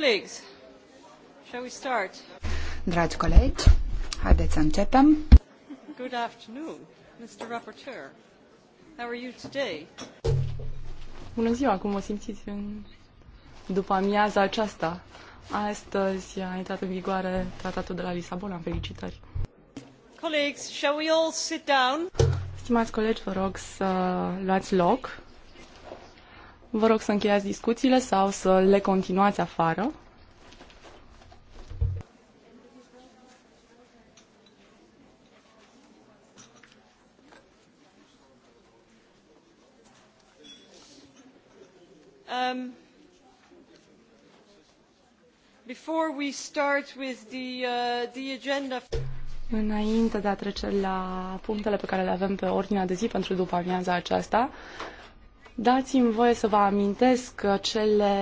Colleagues, shall we Dragi colegi, haideți să începem. Good afternoon, Mr. Rapporteur. How are you today? Bună ziua, cum vă simțiți în după amiaza aceasta? Astăzi a intrat în vigoare tratatul de la Lisabona. Felicitări! Colleagues, shall we all sit down? Stimați colegi, vă rog să luați loc. Vă rog să încheiați discuțiile sau să le continuați afară. Um, before we start with the, uh, the agenda... Înainte de a trece la punctele pe care le avem pe ordinea de zi pentru după amiaza aceasta, Dați-mi voie să vă amintesc cele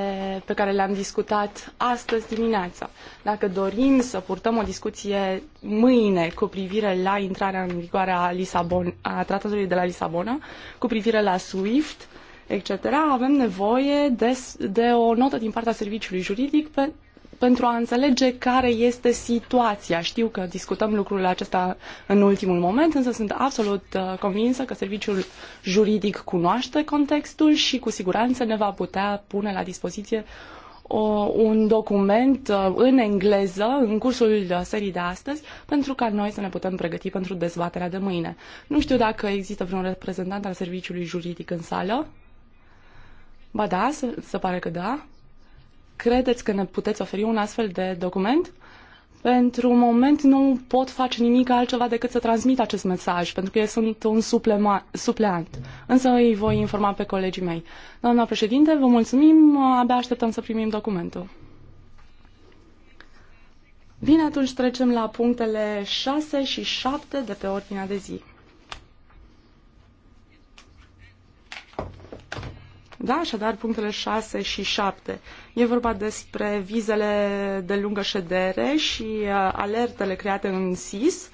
pe care le-am discutat astăzi dimineața. Dacă dorim să purtăm o discuție mâine cu privire la intrarea în vigoare a, Lisabon, a tratatului de la Lisabona, cu privire la SWIFT, etc., avem nevoie de, de o notă din partea serviciului juridic pe, pentru a înțelege care este situația. Știu că discutăm lucrul acesta în ultimul moment, însă sunt absolut uh, convinsă că serviciul juridic cunoaște contextul și cu siguranță ne va putea pune la dispoziție un document uh, în engleză în cursul uh, serii de astăzi pentru ca noi să ne putem pregăti pentru dezbaterea de mâine. Nu știu dacă există vreun reprezentant al serviciului juridic în sală. Ba da, se, se pare că da. Credeți că ne puteți oferi un astfel de document? Pentru moment nu pot face nimic altceva decât să transmit acest mesaj, pentru că eu sunt un supleant. Însă îi voi informa pe colegii mei. Doamna președinte, vă mulțumim, abia așteptăm să primim documentul. Bine, atunci trecem la punctele 6 și 7 de pe ordinea de zi. Da, așadar, punctele 6 și 7. E vorba despre vizele de lungă ședere și uh, alertele create în SIS,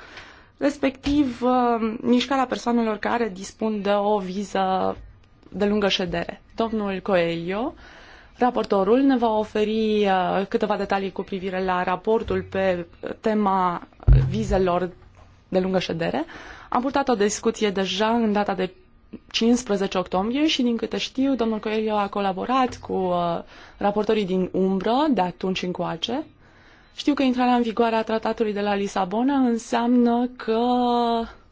respectiv uh, mișcarea persoanelor care dispun de o viză de lungă ședere. Domnul Coelho, raportorul, ne va oferi uh, câteva detalii cu privire la raportul pe tema vizelor de lungă ședere. Am purtat o discuție deja în data de 15 octombrie și din câte știu, domnul Coelho a colaborat cu uh, raportorii din umbră de atunci încoace. Știu că intrarea în vigoare a tratatului de la Lisabona înseamnă că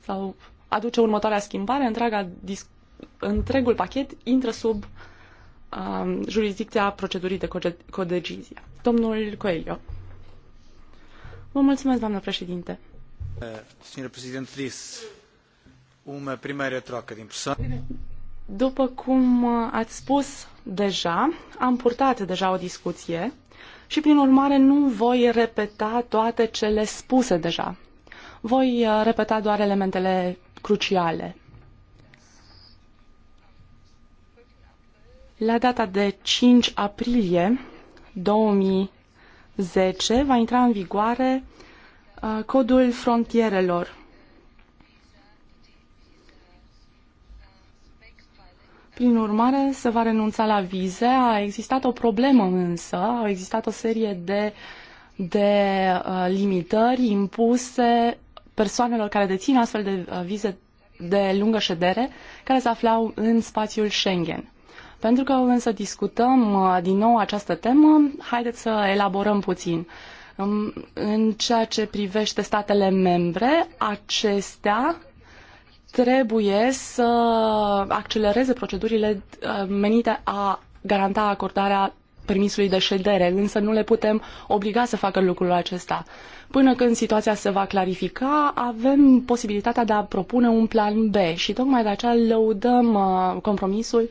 sau aduce următoarea schimbare, întreaga întregul pachet intră sub uh, jurisdicția procedurii de codecizie. Domnul Coelho. Vă mulțumesc, doamnă președinte. Uh, președinte, uma primeira troca de După cum uh, ați spus deja, am purtat deja o discuție și, prin urmare, nu voi repeta toate cele spuse deja. Voi uh, repeta doar elementele cruciale. La data de 5 aprilie 2010 va intra în vigoare uh, codul frontierelor Prin urmare, se va renunța la vize. A existat o problemă însă, a existat o serie de, de uh, limitări impuse persoanelor care dețin astfel de uh, vize de lungă ședere, care se aflau în spațiul Schengen. Pentru că însă discutăm uh, din nou această temă, haideți să elaborăm puțin. Um, în ceea ce privește statele membre, acestea trebuie să accelereze procedurile uh, menite a garanta acordarea permisului de ședere, însă nu le putem obliga să facă lucrul acesta. Până când situația se va clarifica, avem posibilitatea de a propune un plan B și tocmai de aceea lăudăm uh, compromisul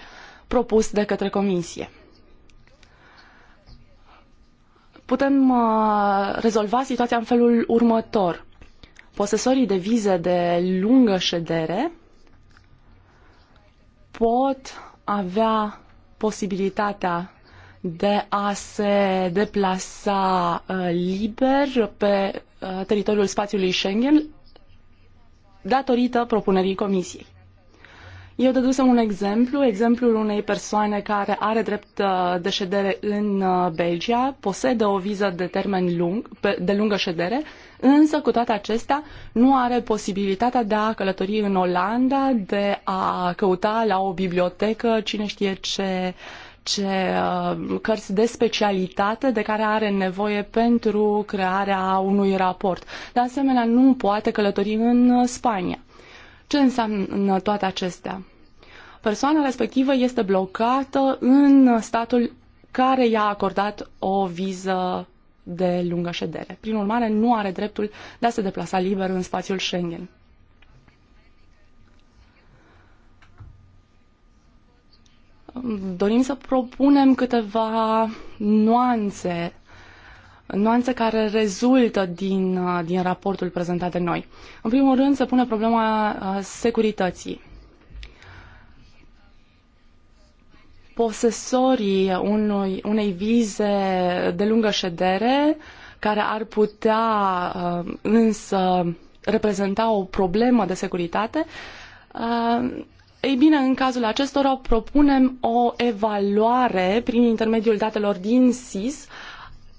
propus de către Comisie. Putem uh, rezolva situația în felul următor Posesorii de vize de lungă ședere pot avea posibilitatea de a se deplasa uh, liber pe uh, teritoriul spațiului Schengen datorită propunerii Comisiei. Eu dădusem un exemplu, exemplul unei persoane care are drept uh, de ședere în Belgia, posedă o viză de termen lung, de lungă ședere însă cu toate acestea nu are posibilitatea de a călători în Olanda, de a căuta la o bibliotecă cine știe ce ce uh, cărți de specialitate de care are nevoie pentru crearea unui raport. De asemenea, nu poate călători în Spania. Ce înseamnă toate acestea? Persoana respectivă este blocată în statul care i-a acordat o viză de lungă ședere. Prin urmare, nu are dreptul de a se deplasa liber în spațiul Schengen. Dorim să propunem câteva nuanțe, nuanțe care rezultă din, din raportul prezentat de noi. În primul rând, se pune problema uh, securității posesorii unui, unei vize de lungă ședere, care ar putea uh, însă reprezenta o problemă de securitate, uh, ei bine, în cazul acestora propunem o evaluare prin intermediul datelor din SIS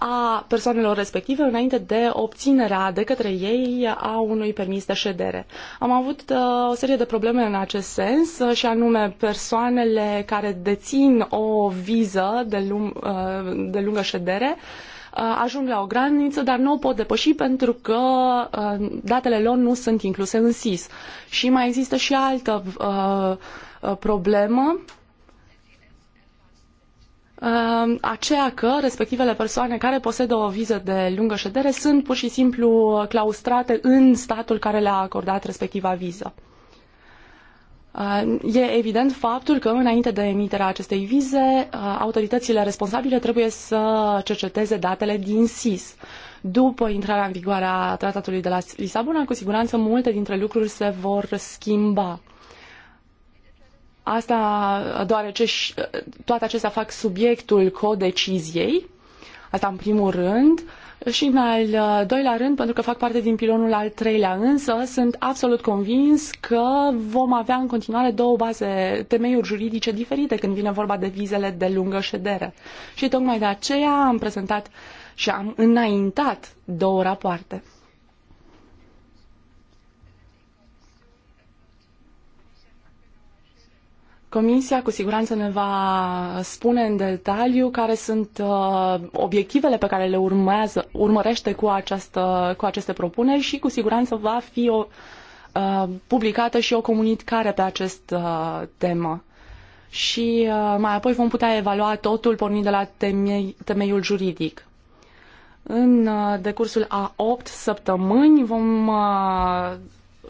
a persoanelor respective înainte de obținerea de către ei a unui permis de ședere. Am avut uh, o serie de probleme în acest sens uh, și anume persoanele care dețin o viză de, lung, uh, de lungă ședere ajung la o graniță, dar nu o pot depăși pentru că datele lor nu sunt incluse în SIS. Și mai există și altă problemă Ehm, aceea că respectivele persoane care posedă o viză de lungă ședere sunt pur și simplu claustrate în statul care le-a acordat respectiva viză. Ehm, e evident faptul că înainte de emiterea acestei vize, eh, autoritățile responsabile trebuie să cerceteze datele din SIS. După intrarea în vigoare a tratatului de la Lisabona, cu siguranță multe dintre lucruri se vor schimba. Asta deoarece toate acestea fac subiectul codeciziei, asta în primul rând, și în al uh, doilea rând, pentru că fac parte din pilonul al treilea, însă sunt absolut convins că vom avea în continuare două baze, temeiuri juridice diferite când vine vorba de vizele de lungă ședere. Și tocmai de aceea am prezentat și am înaintat două rapoarte. Comisia cu siguranță ne va spune în detaliu care sunt uh, obiectivele pe care le urmează, urmărește cu, această, cu aceste propuneri și cu siguranță va fi o, uh, publicată și o comunicare pe acest uh, temă. Și uh, mai apoi vom putea evalua totul pornind de la temei, temeiul juridic. În uh, decursul a 8 săptămâni vom uh,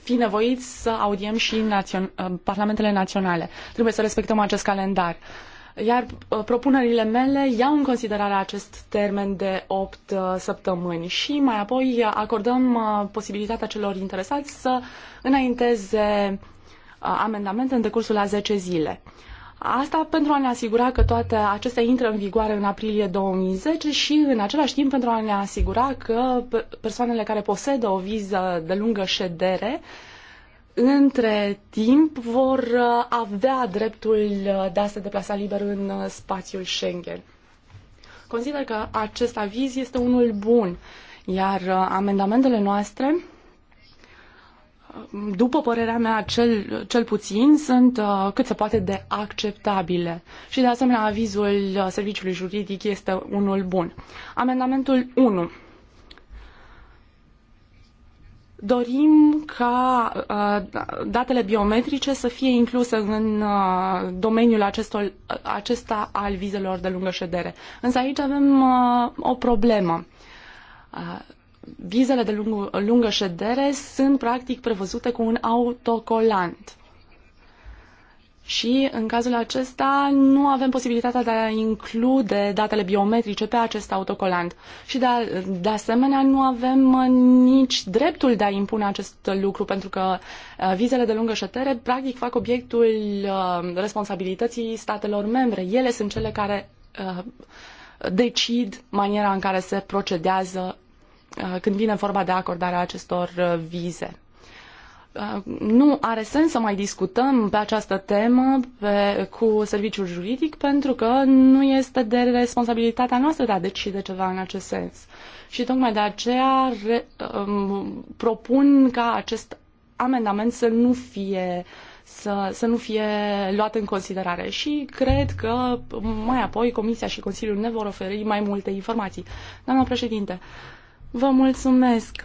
fi nevoiți să audiem și națion- uh, parlamentele naționale. Trebuie să respectăm acest calendar. Iar uh, propunerile mele iau în considerare acest termen de 8 uh, săptămâni și mai apoi acordăm posibilitatea celor interesați să înainteze amendamente în decursul a 10 zile. Asta pentru a ne asigura că toate acestea intră în vigoare în aprilie 2010 și în același timp pentru a ne asigura că persoanele care posedă o viză de lungă ședere între timp vor uh, avea dreptul uh, de a se deplasa liber în uh, spațiul Schengen. Consider că acest aviz este unul bun, iar amendamentele noastre după părerea mea, cel, cel puțin, sunt uh, cât se poate de acceptabile. Și, de asemenea, avizul uh, serviciului juridic este unul bun. Amendamentul 1. Dorim ca uh, datele biometrice să fie incluse în uh, domeniul acestor, acesta al vizelor de lungă ședere. Însă aici avem uh, o problemă uh, vizele de lungă ședere sunt practic prevăzute cu un autocolant. Și în cazul acesta nu avem posibilitatea de a include datele biometrice pe acest autocolant. Și de, a, de asemenea nu avem uh, nici dreptul de a impune acest lucru, pentru că uh, vizele de lungă ședere practic fac obiectul uh, responsabilității statelor membre. Ele sunt cele care decid maniera în care se procedează Uh, când vine vorba de acordarea acestor uh, vize. Uh, nu are sens să mai discutăm pe această temă pe, cu serviciul juridic pentru că nu este de responsabilitatea noastră de a decide ceva în acest sens. Și tocmai de aceea re, um, propun ca acest amendament să nu fie să, să nu fie luat în considerare și cred că mai apoi Comisia și Consiliul ne vor oferi mai multe informații. Doamna președinte, uh, Vă mulțumesc.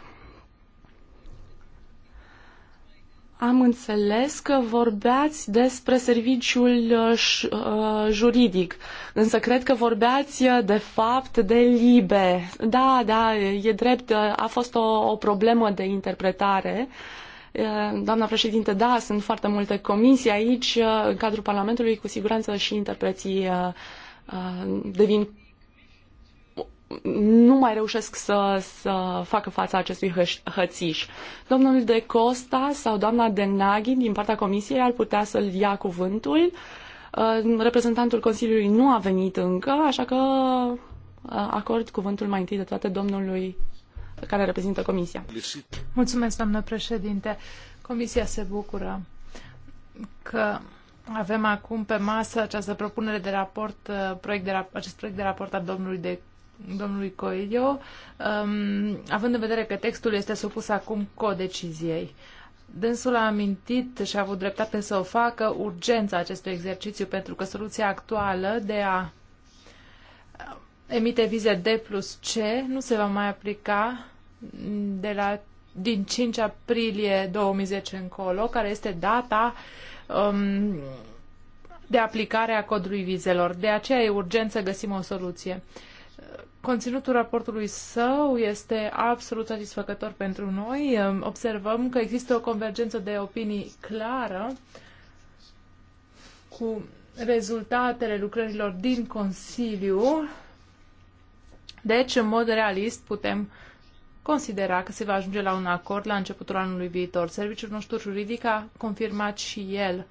Am înțeles că vorbeați despre serviciul uh, uh, juridic, însă cred că vorbeați uh, de fapt de libe. Da, da, e drept, a fost o, o problemă de interpretare. Doamna președinte, da, sunt foarte multe comisii aici, în cadrul Parlamentului, cu siguranță și interpreții devin nu mai reușesc să, să facă fața acestui hățiș. Domnul De Costa sau doamna De Naghi din partea comisiei ar putea să-l ia cuvântul. Uh, reprezentantul Consiliului nu a venit încă, așa că uh, acord cuvântul mai întâi de toate domnului care reprezintă comisia. Mulțumesc, doamnă președinte. Comisia se bucură că avem acum pe masă această propunere de raport, uh, proiect de, acest proiect de raport al domnului De domnului Coelho, um, având în vedere că textul este supus acum codeciziei. Dânsul a amintit și a avut dreptate să o facă urgența acestui exercițiu, pentru că soluția actuală de a uh, emite vize D plus C nu se va mai aplica de la, din 5 aprilie 2010 încolo, care este data um, de aplicare a codului vizelor. De aceea e urgent să găsim o soluție. Conținutul raportului său este absolut satisfăcător pentru noi. Observăm că există o convergență de opinii clară cu rezultatele lucrărilor din Consiliu. Deci, în mod realist, putem considera că se va ajunge la un acord la începutul anului viitor. Serviciul nostru juridic a confirmat și el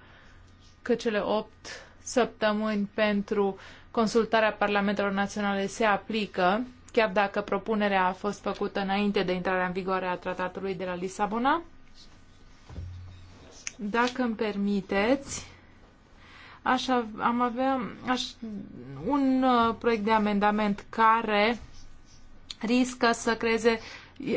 că cele opt săptămâni pentru consultarea parlamentelor naționale se aplică, chiar dacă propunerea a fost făcută înainte de intrarea în vigoare a tratatului de la Lisabona. Dacă îmi permiteți, aș, am avea aș, un uh, proiect de amendament care riscă să creeze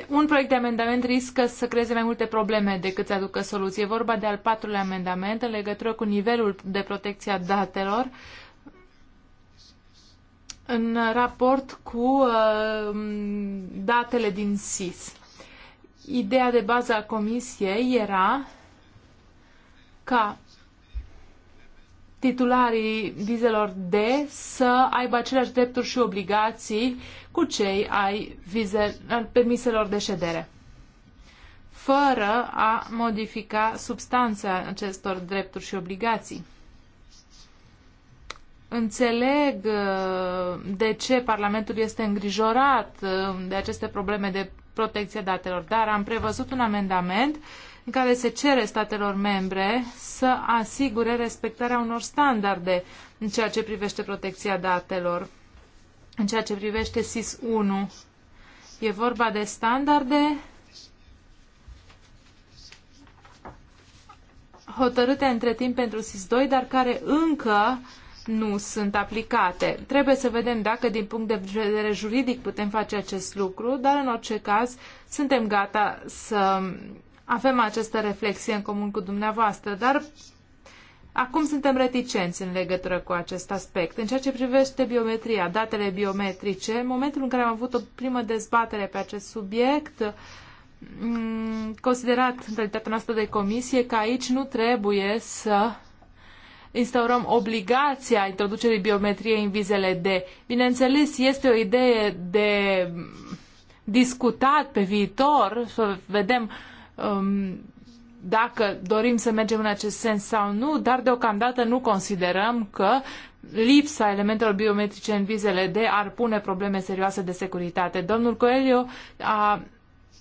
un proiect de amendament riscă să creeze mai multe probleme decât să aducă soluție. E vorba de al patrulea amendament în legătură cu nivelul de protecție a datelor uh, în raport cu uh, datele din SIS. Ideea de bază a comisiei era ca titularii vizelor D să aibă aceleași drepturi și obligații cu cei ai, vize, al permiselor de ședere, fără a modifica substanța acestor drepturi și obligații. Înțeleg uh, de ce Parlamentul este îngrijorat uh, de aceste probleme de protecție datelor, dar am prevăzut un amendament în care se cere statelor membre să asigure respectarea unor standarde în ceea ce privește protecția datelor, în ceea ce privește SIS 1. E vorba de standarde hotărâte între timp pentru SIS 2, dar care încă uh, nu sunt aplicate. Trebuie să vedem dacă din punct de vedere juridic putem face acest lucru, dar în orice caz suntem gata să avem această reflexie în comun cu dumneavoastră, dar acum suntem reticenți în legătură cu acest aspect. În ceea ce privește biometria, datele biometrice, în momentul în care am avut o primă dezbatere pe acest subiect, mm, considerat în realitatea noastră de comisie că aici nu trebuie să instaurăm obligația introducerii biometriei în vizele de. Bineînțeles, este o idee de discutat pe viitor, să vedem um, dacă dorim să mergem în acest sens sau nu, dar deocamdată nu considerăm că lipsa elementelor biometrice în vizele de ar pune probleme serioase de securitate. Domnul Coelho a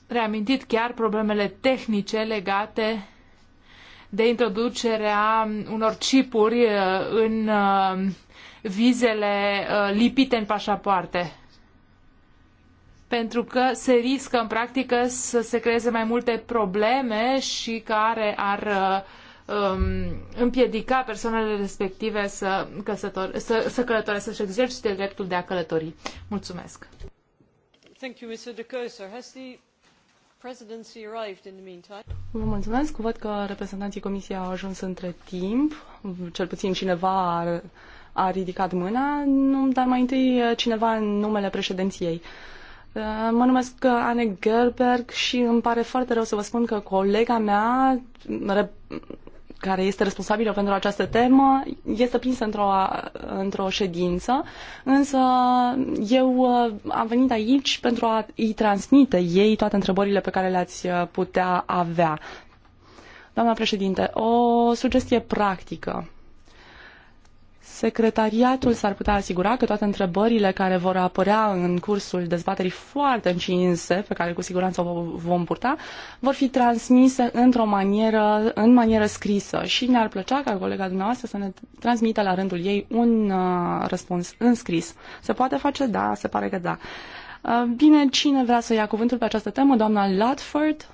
reamintit chiar problemele tehnice legate de introducerea unor chipuri uh, în uh, vizele uh, lipite în pașapoarte. Pentru că se riscă în practică să se creeze mai multe probleme și care ar um, împiedica persoanele respective să, căsător, să, să călătoresc, să-și exercite dreptul de a călători. Mulțumesc! Thank you, Mr. De Keuser. Has the Vă mulțumesc. Văd că reprezentanții Comisiei au ajuns între timp. Cel puțin cineva a, a ridicat mâna, dar mai întâi uh, cineva în numele președinției. Uh, mă numesc uh, Anne Gerberg și îmi pare foarte rău să vă spun că colega mea care este responsabilă pentru această temă este prinsă într-o, într-o ședință, însă eu uh, am venit aici pentru a îi transmite ei toate întrebările pe care le-ați uh, putea avea. Doamna președinte, o sugestie practică. Secretariatul s-ar putea asigura că toate întrebările care vor apărea în cursul dezbaterii foarte încinse, pe care cu siguranță o vom purta, vor fi transmise într-o manieră, în manieră scrisă și ne-ar plăcea ca colega dumneavoastră să ne transmită la rândul ei un uh, răspuns în scris. Se poate face? Da, se pare că da. Uh, bine, cine vrea să ia cuvântul pe această temă? Doamna Latford?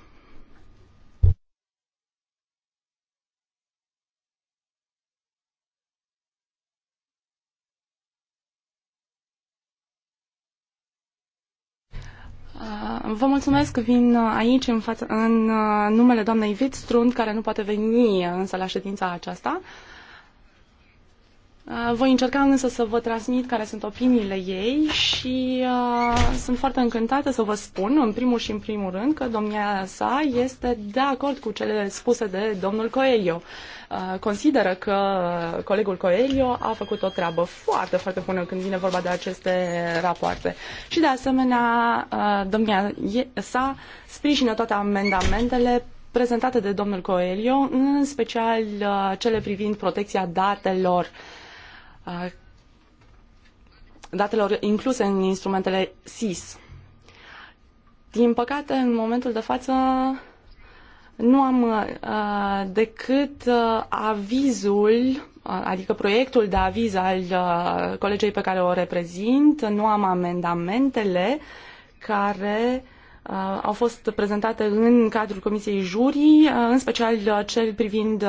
Uh, vă mulțumesc că vin uh, aici în, față, în uh, numele doamnei Wittstrund, care nu poate veni însă la ședința aceasta. Uh, voi încerca însă să vă transmit care sunt opiniile ei și uh, sunt foarte încântată să vă spun, în primul și în primul rând, că domnia sa este de acord cu cele spuse de domnul Coelho. Uh, consideră că colegul Coelho a făcut o treabă foarte, foarte bună când vine vorba de aceste rapoarte. Și de asemenea, uh, domnia sa sprijină toate amendamentele prezentate de domnul Coelho, în special uh, cele privind protecția datelor datelor incluse în instrumentele SIS. Din păcate, în momentul de față, nu am uh, decât uh, avizul, uh, adică proiectul de aviz al uh, colegei pe care o reprezint, nu am amendamentele care uh, Uh, au fost prezentate în cadrul Comisiei Jurii, uh, în special uh, cel privind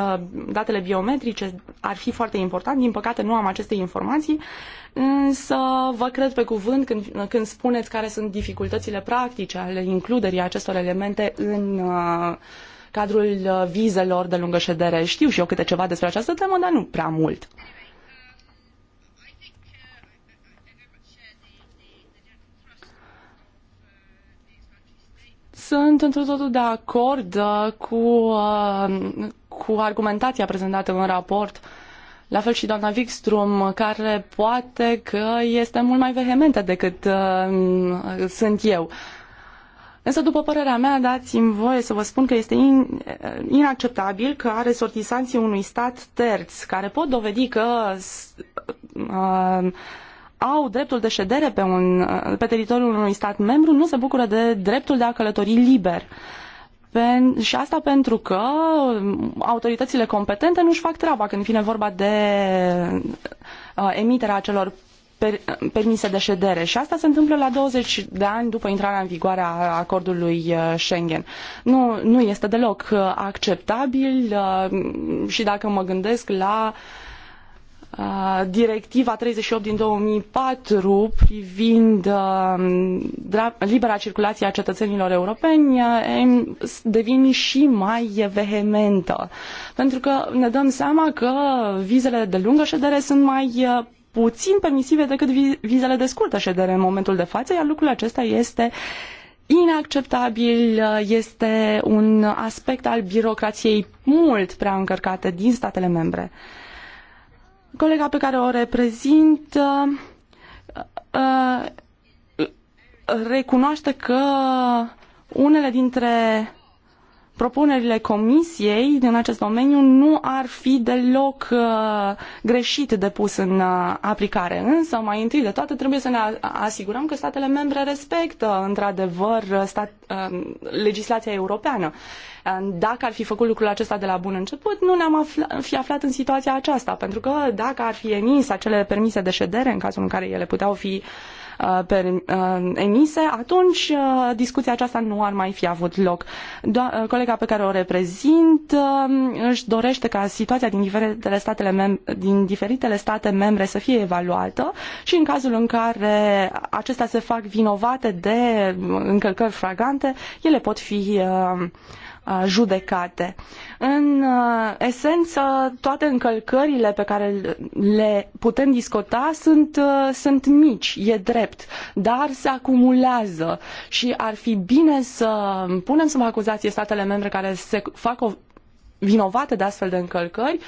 datele biometrice ar fi foarte important. Din păcate nu am aceste informații, însă vă cred pe cuvânt când, când spuneți care sunt dificultățile practice ale includerii acestor elemente în cadrul vizelor de lungă ședere. Știu și eu câte ceva despre această temă, dar nu prea mult. Sunt într totul de acord uh, cu, uh, cu argumentația prezentată în raport. La fel și doamna Wikström, care poate că este mult mai vehementă decât uh, sunt eu. Însă, după părerea mea, dați-mi voie să vă spun că este in, inacceptabil că resortisanții unui stat terț, care pot dovedi că uh, au dreptul de ședere pe, un, pe teritoriul unui stat membru nu se bucură de dreptul de a călători liber. Pen- și asta pentru că autoritățile competente nu-și fac treaba când vine vorba de uh, emiterea acelor per- permise de ședere. Și asta se întâmplă la 20 de ani după intrarea în vigoare a acordului uh, Schengen. Nu, nu este deloc uh, acceptabil uh, și dacă mă gândesc la uh, Uh, directiva 38 din 2004 privind um, libera circulație a cetățenilor europeni uh, devin și mai vehementă. Pentru că ne dăm seama că vizele de lungă ședere sunt mai uh, puțin permisive decât vizele de scurtă ședere în momentul de față, iar lucrul acesta este inacceptabil, este un aspect al birocrației mult prea încărcate din statele membre. Uh, Colega pe care o reprezint uh, uh, recunoaște că unele dintre propunerile comisiei în acest domeniu nu ar fi deloc uh, greșit depus în uh, aplicare. Însă, mai întâi de toate, trebuie să ne asigurăm că statele membre respectă, într-adevăr, stat, uh, legislația europeană. Uh, dacă ar fi făcut lucrul acesta de la bun început, nu ne-am afla, fi aflat în situația aceasta, pentru că dacă ar fi emis acele permise de ședere, în cazul în care ele puteau fi uh, Uh, uh, emise, atunci uh, discuția aceasta nu ar mai fi avut loc. Do- colega pe care o reprezint um, își dorește ca situația din diferitele, statele mem- din diferitele state membre să fie evaluată și în cazul în care acestea se fac vinovate de încălcări fragante, ele pot fi uh, judecate. În esență, toate încălcările pe care le putem discuta sunt, sunt mici, e drept, dar se acumulează și ar fi bine să punem sub acuzație statele membre care se fac o vinovate de astfel de încălcări,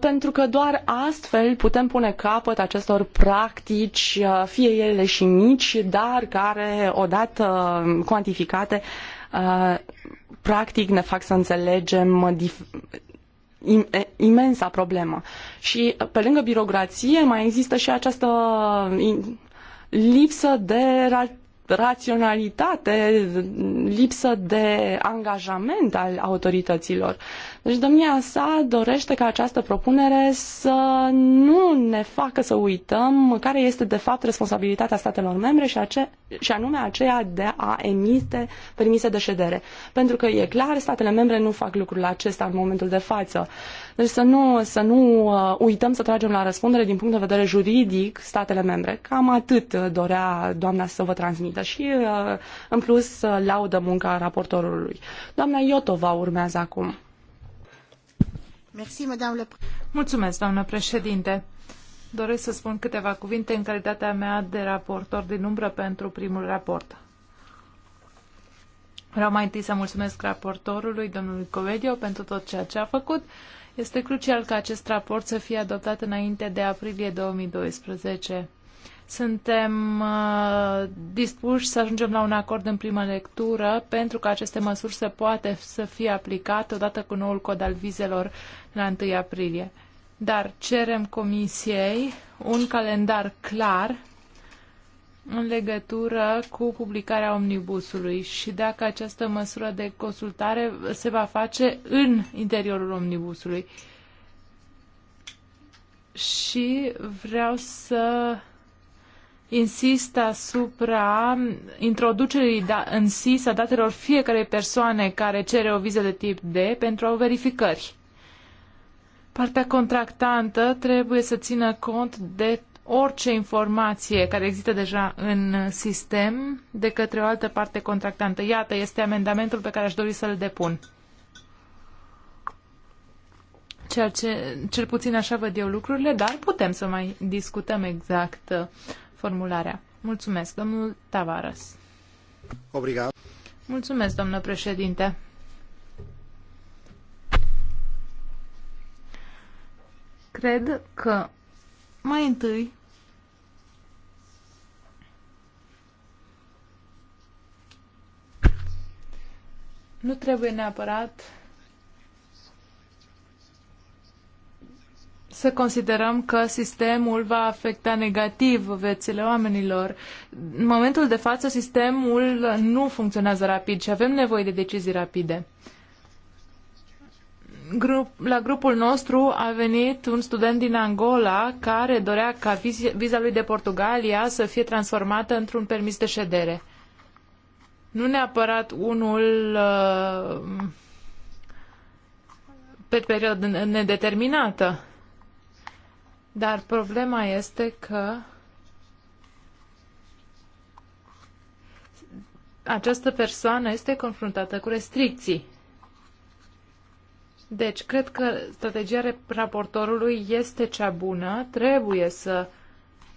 pentru că doar astfel putem pune capăt acestor practici, fie ele și mici, dar care, odată cuantificate, Uh, practic ne fac să înțelegem imensa problemă. Și uh, pe lângă birocrație mai există și această uh, lipsă de ra- raționalitate, lipsă de angajament al autorităților. Deci domnia sa dorește ca această propunere să nu ne facă să uităm care este de fapt responsabilitatea statelor membre și, ace- și anume aceea de a emite permise de ședere. Pentru că e clar, statele membre nu fac lucrul acesta în momentul de față. Uh, deci să nu, să nu uh, uităm să tragem la răspundere din punct de vedere juridic statele membre. Cam atât uh, dorea doamna să vă transmită și uh, în plus laudă munca raportorului. Doamna Iotova urmează acum. Mulțumesc, doamnă președinte. Doresc să spun câteva cuvinte în calitatea mea de raportor din umbră pentru primul raport. Vreau mai întâi să mulțumesc raportorului, domnului Covedio, pentru tot ceea ce a făcut este crucial ca acest raport să fie adoptat înainte de aprilie 2012. Suntem uh, dispuși să ajungem la un acord în primă lectură pentru că aceste măsuri se poate să fie aplicate odată cu noul cod al vizelor la 1 aprilie. Dar cerem Comisiei un calendar clar în legătură cu publicarea omnibusului și dacă această măsură de consultare se va face în interiorul omnibusului. Și vreau să insist asupra introducerii da, în SIS a datelor fiecarei persoane care cere o viză de tip D pentru a verificări. Partea contractantă trebuie să țină cont de orice informație care există deja în sistem de către o altă parte contractantă. Iată, este amendamentul pe care aș dori să-l depun. Ceea ce, cel puțin așa văd eu lucrurile, dar putem să mai discutăm exact uh, formularea. Mulțumesc, domnul Tavares. Obrigat. Mulțumesc, domnule președinte. Cred că mai întâi Nu trebuie neapărat să considerăm că sistemul va afecta negativ viețile oamenilor. În momentul de față, sistemul nu funcționează rapid și avem nevoie de decizii rapide. Grup, la grupul nostru a venit un student din Angola care dorea ca viza lui de Portugalia să fie transformată într-un permis de ședere nu neapărat unul uh, pe perioadă nedeterminată. Dar problema este că această persoană este confruntată cu restricții. Deci, cred că strategia raportorului este cea bună, trebuie să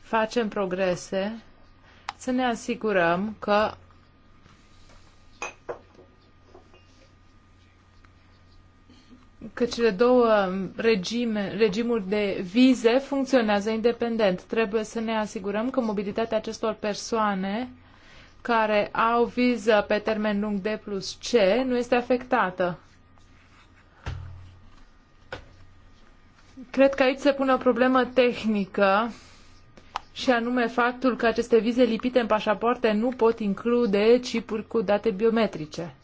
facem progrese, să ne asigurăm că că cele două regime, regimuri de vize funcționează independent. Trebuie să ne asigurăm că mobilitatea acestor persoane care au viză pe termen lung D plus C nu este afectată. Cred că aici se pune o problemă tehnică și anume faptul că aceste vize lipite în pașapoarte nu pot include cipuri cu date biometrice.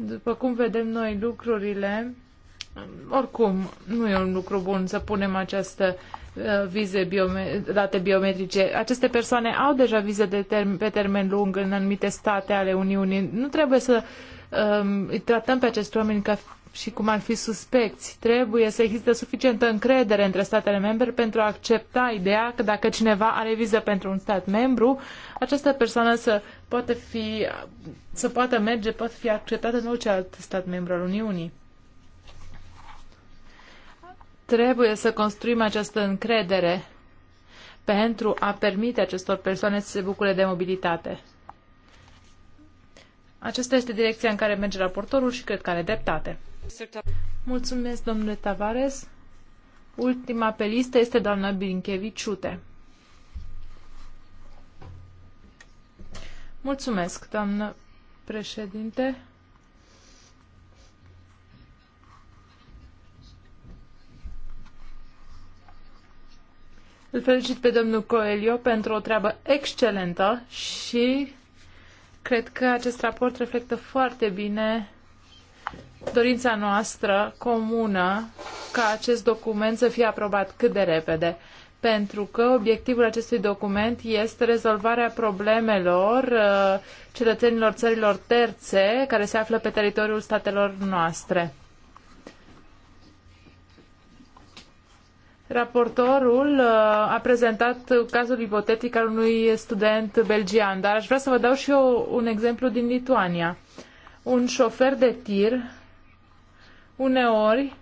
După cum vedem noi lucrurile, oricum, nu e un lucru bun să punem această uh, vize biome- date biometrice. Aceste persoane au deja vize de term- pe termen lung în anumite state ale Uniunii. Nu trebuie să um, îi tratăm pe acești oameni ca și cum ar fi suspecți. Trebuie să existe suficientă încredere între statele membre pentru a accepta ideea că dacă cineva are viză pentru un stat membru, această persoană să poată fi, să poată merge, poate fi acceptată în orice alt stat membru al Uniunii. Trebuie să construim această încredere pentru a permite acestor persoane să se bucure de mobilitate. Aceasta este direcția în care merge raportorul și cred că are dreptate. Mulțumesc, domnule Tavares. Ultima pe listă este doamna Brinchevi-Ciute. Mulțumesc, doamnă președinte. Îl felicit pe domnul Coelio pentru o treabă excelentă și Cred că acest raport reflectă foarte bine dorința noastră comună ca acest document să fie aprobat cât de repede pentru că obiectivul acestui document este rezolvarea problemelor uh, cetățenilor țărilor terțe care se află pe teritoriul statelor noastre. Raportorul uh, a prezentat cazul ipotetic al unui student belgian, dar aș vrea să vă dau și eu un exemplu din Lituania. Un șofer de tir uneori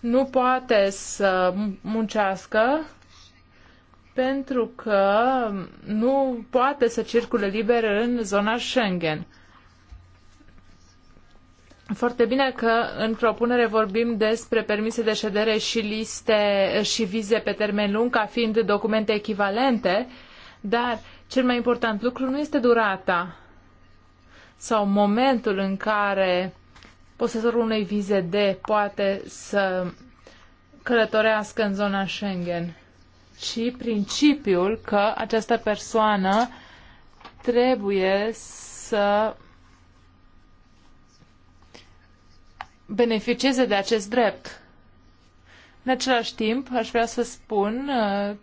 nu poate să muncească pentru că nu poate să circule liber în zona Schengen. Foarte bine că în propunere vorbim despre permise de ședere și liste și vize pe termen lung ca fiind documente echivalente, dar cel mai important lucru nu este durata sau momentul în care posesorul unei vize D poate să călătorească în zona Schengen, ci principiul că această persoană trebuie să beneficieze de acest drept. În același timp, aș vrea să spun uh,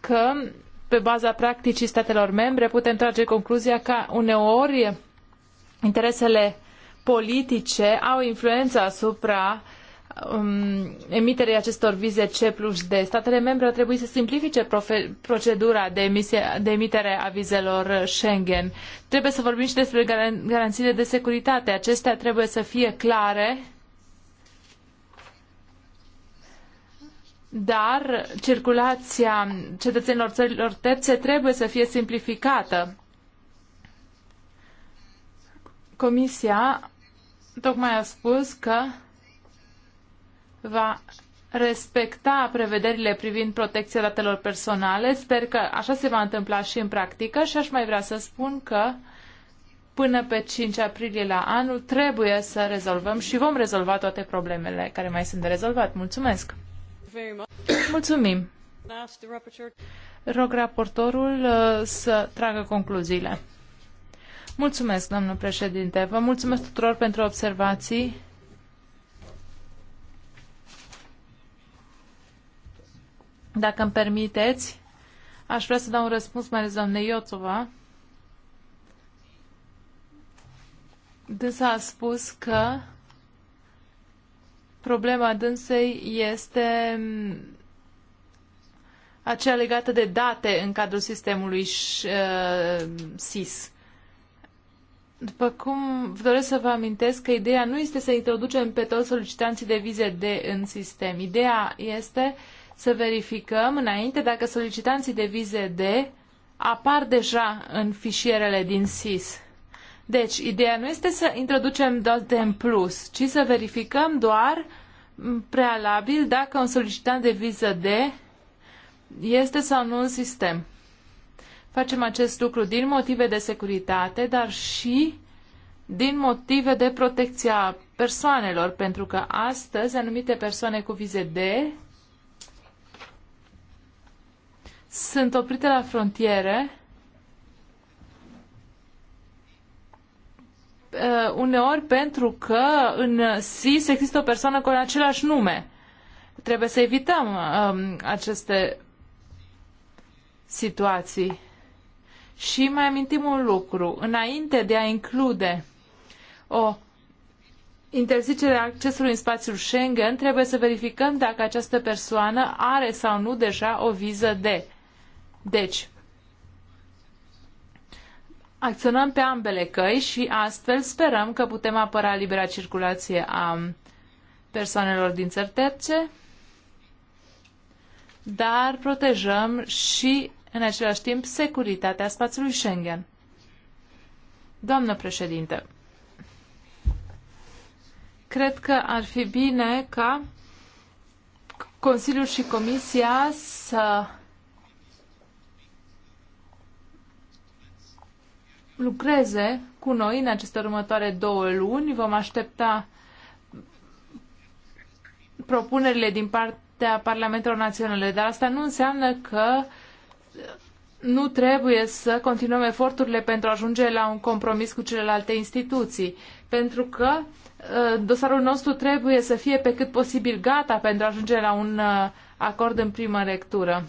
că pe baza practicii statelor membre putem trage concluzia că uneori interesele politice au influența asupra um, emiterii acestor vize C plus D. Statele membre ar trebui să simplifice procedura de, emisie, de emitere a vizelor Schengen. Trebuie să vorbim și despre garan- garanțiile de securitate. Acestea trebuie să fie clare dar circulația cetățenilor țărilor terțe trebuie să fie simplificată. Comisia tocmai a spus că va respecta prevederile privind protecția datelor personale. Sper că așa se va întâmpla și în practică și aș mai vrea să spun că până pe 5 aprilie la anul trebuie să rezolvăm și vom rezolva toate problemele care mai sunt de rezolvat. Mulțumesc! Mulțumim! Rog raportorul uh, să tragă concluziile. Mulțumesc, domnul președinte. Vă mulțumesc tuturor pentru observații Dacă îmi permiteți, aș vrea să dau un răspuns mai ales doamnei Iotova. Dânsa a spus că problema dânsei este mm, aceea legată de date în cadrul sistemului SIS. Uh, După cum doresc să vă amintesc că ideea nu este să introducem pe toți solicitanții de vize de în sistem. Ideea este uh, să verificăm înainte dacă solicitanții de vize D apar deja în fișierele din SIS. Deci, ideea nu este să introducem date în plus, ci să verificăm doar prealabil dacă un solicitant de viză D este sau nu în sistem. Facem acest lucru din motive de securitate, dar și din motive de protecția persoanelor, pentru că astăzi anumite persoane cu vize D sunt oprite la frontiere. Uh, uneori pentru că în SIS există o persoană cu același nume. Trebuie să evităm um, aceste situații. Și mai amintim un lucru. Înainte de a include o a accesului în spațiul Schengen, trebuie să verificăm dacă această persoană are sau nu deja o viză de deci, acționăm pe ambele căi și astfel sperăm că putem apăra libera circulație a persoanelor din țări terțe, dar protejăm și, în același timp, securitatea spațiului Schengen. Doamnă președinte, cred că ar fi bine ca Consiliul și Comisia să lucreze cu noi în aceste următoare două luni. Vom aștepta propunerile din partea Parlamentelor Naționale, dar asta nu înseamnă că nu trebuie să continuăm eforturile pentru a ajunge la un compromis cu celelalte instituții, pentru că uh, dosarul nostru trebuie să fie pe cât posibil gata pentru a ajunge la un uh, acord în primă lectură.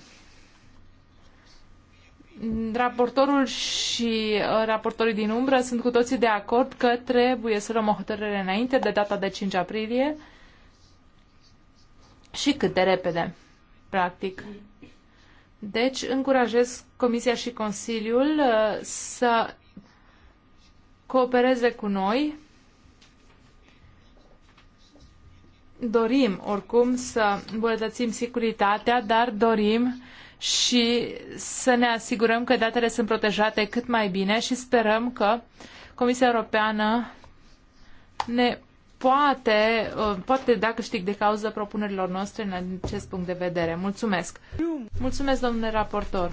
Raportorul și uh, raportorii din umbră sunt cu toții de acord că trebuie să luăm o hotărâre înainte de data de 5 aprilie și cât de repede, practic. Deci, încurajez Comisia și Consiliul uh, să coopereze cu noi. Dorim, oricum, să îmbunătățim securitatea, dar dorim și să ne asigurăm că datele sunt protejate cât mai bine și sperăm că Comisia Europeană ne poate, uh, poate da câștig de cauză propunerilor noastre în acest punct de vedere. Mulțumesc! Mulțumesc, domnule raportor!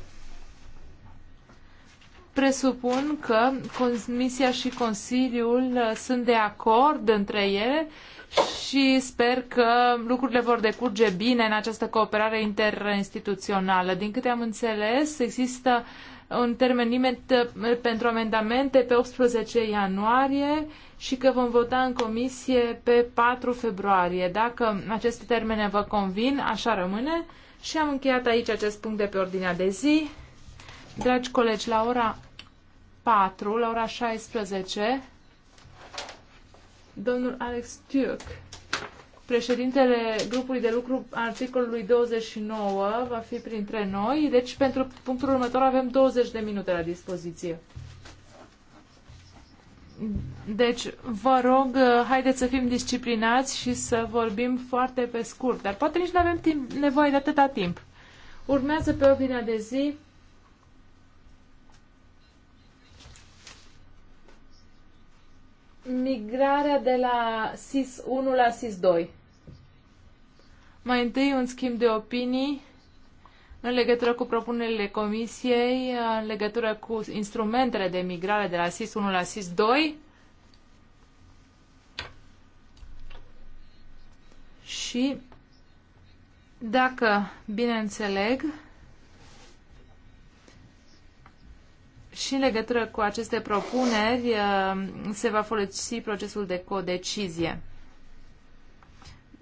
Presupun că Comisia și Consiliul uh, sunt de acord între ele și sper că lucrurile vor decurge bine în această cooperare interinstituțională. Din câte am înțeles, există un termen limit eh, pentru amendamente pe 18 ianuarie și că vom vota în comisie pe 4 februarie. Dacă aceste termene vă convin, așa rămâne. Și am încheiat aici acest punct de pe ordinea de zi. Dragi colegi, la ora 4, la ora 16, Domnul Alex Turk, președintele grupului de lucru articolului 29, va fi printre noi. Deci, pentru punctul următor avem 20 de minute la dispoziție. Deci, vă rog, uh, haideți să fim disciplinați și să vorbim foarte pe scurt, dar poate nici nu avem timp, nevoie de atâta timp. Urmează pe ordinea de zi migrarea de la SIS 1 la SIS 2. Mai întâi un schimb de opinii în legătură cu propunerile Comisiei, în legătură cu instrumentele de migrare de la SIS 1 la SIS 2 și dacă bine înțeleg, Și în legătură cu aceste propuneri uh, se va folosi procesul de codecizie.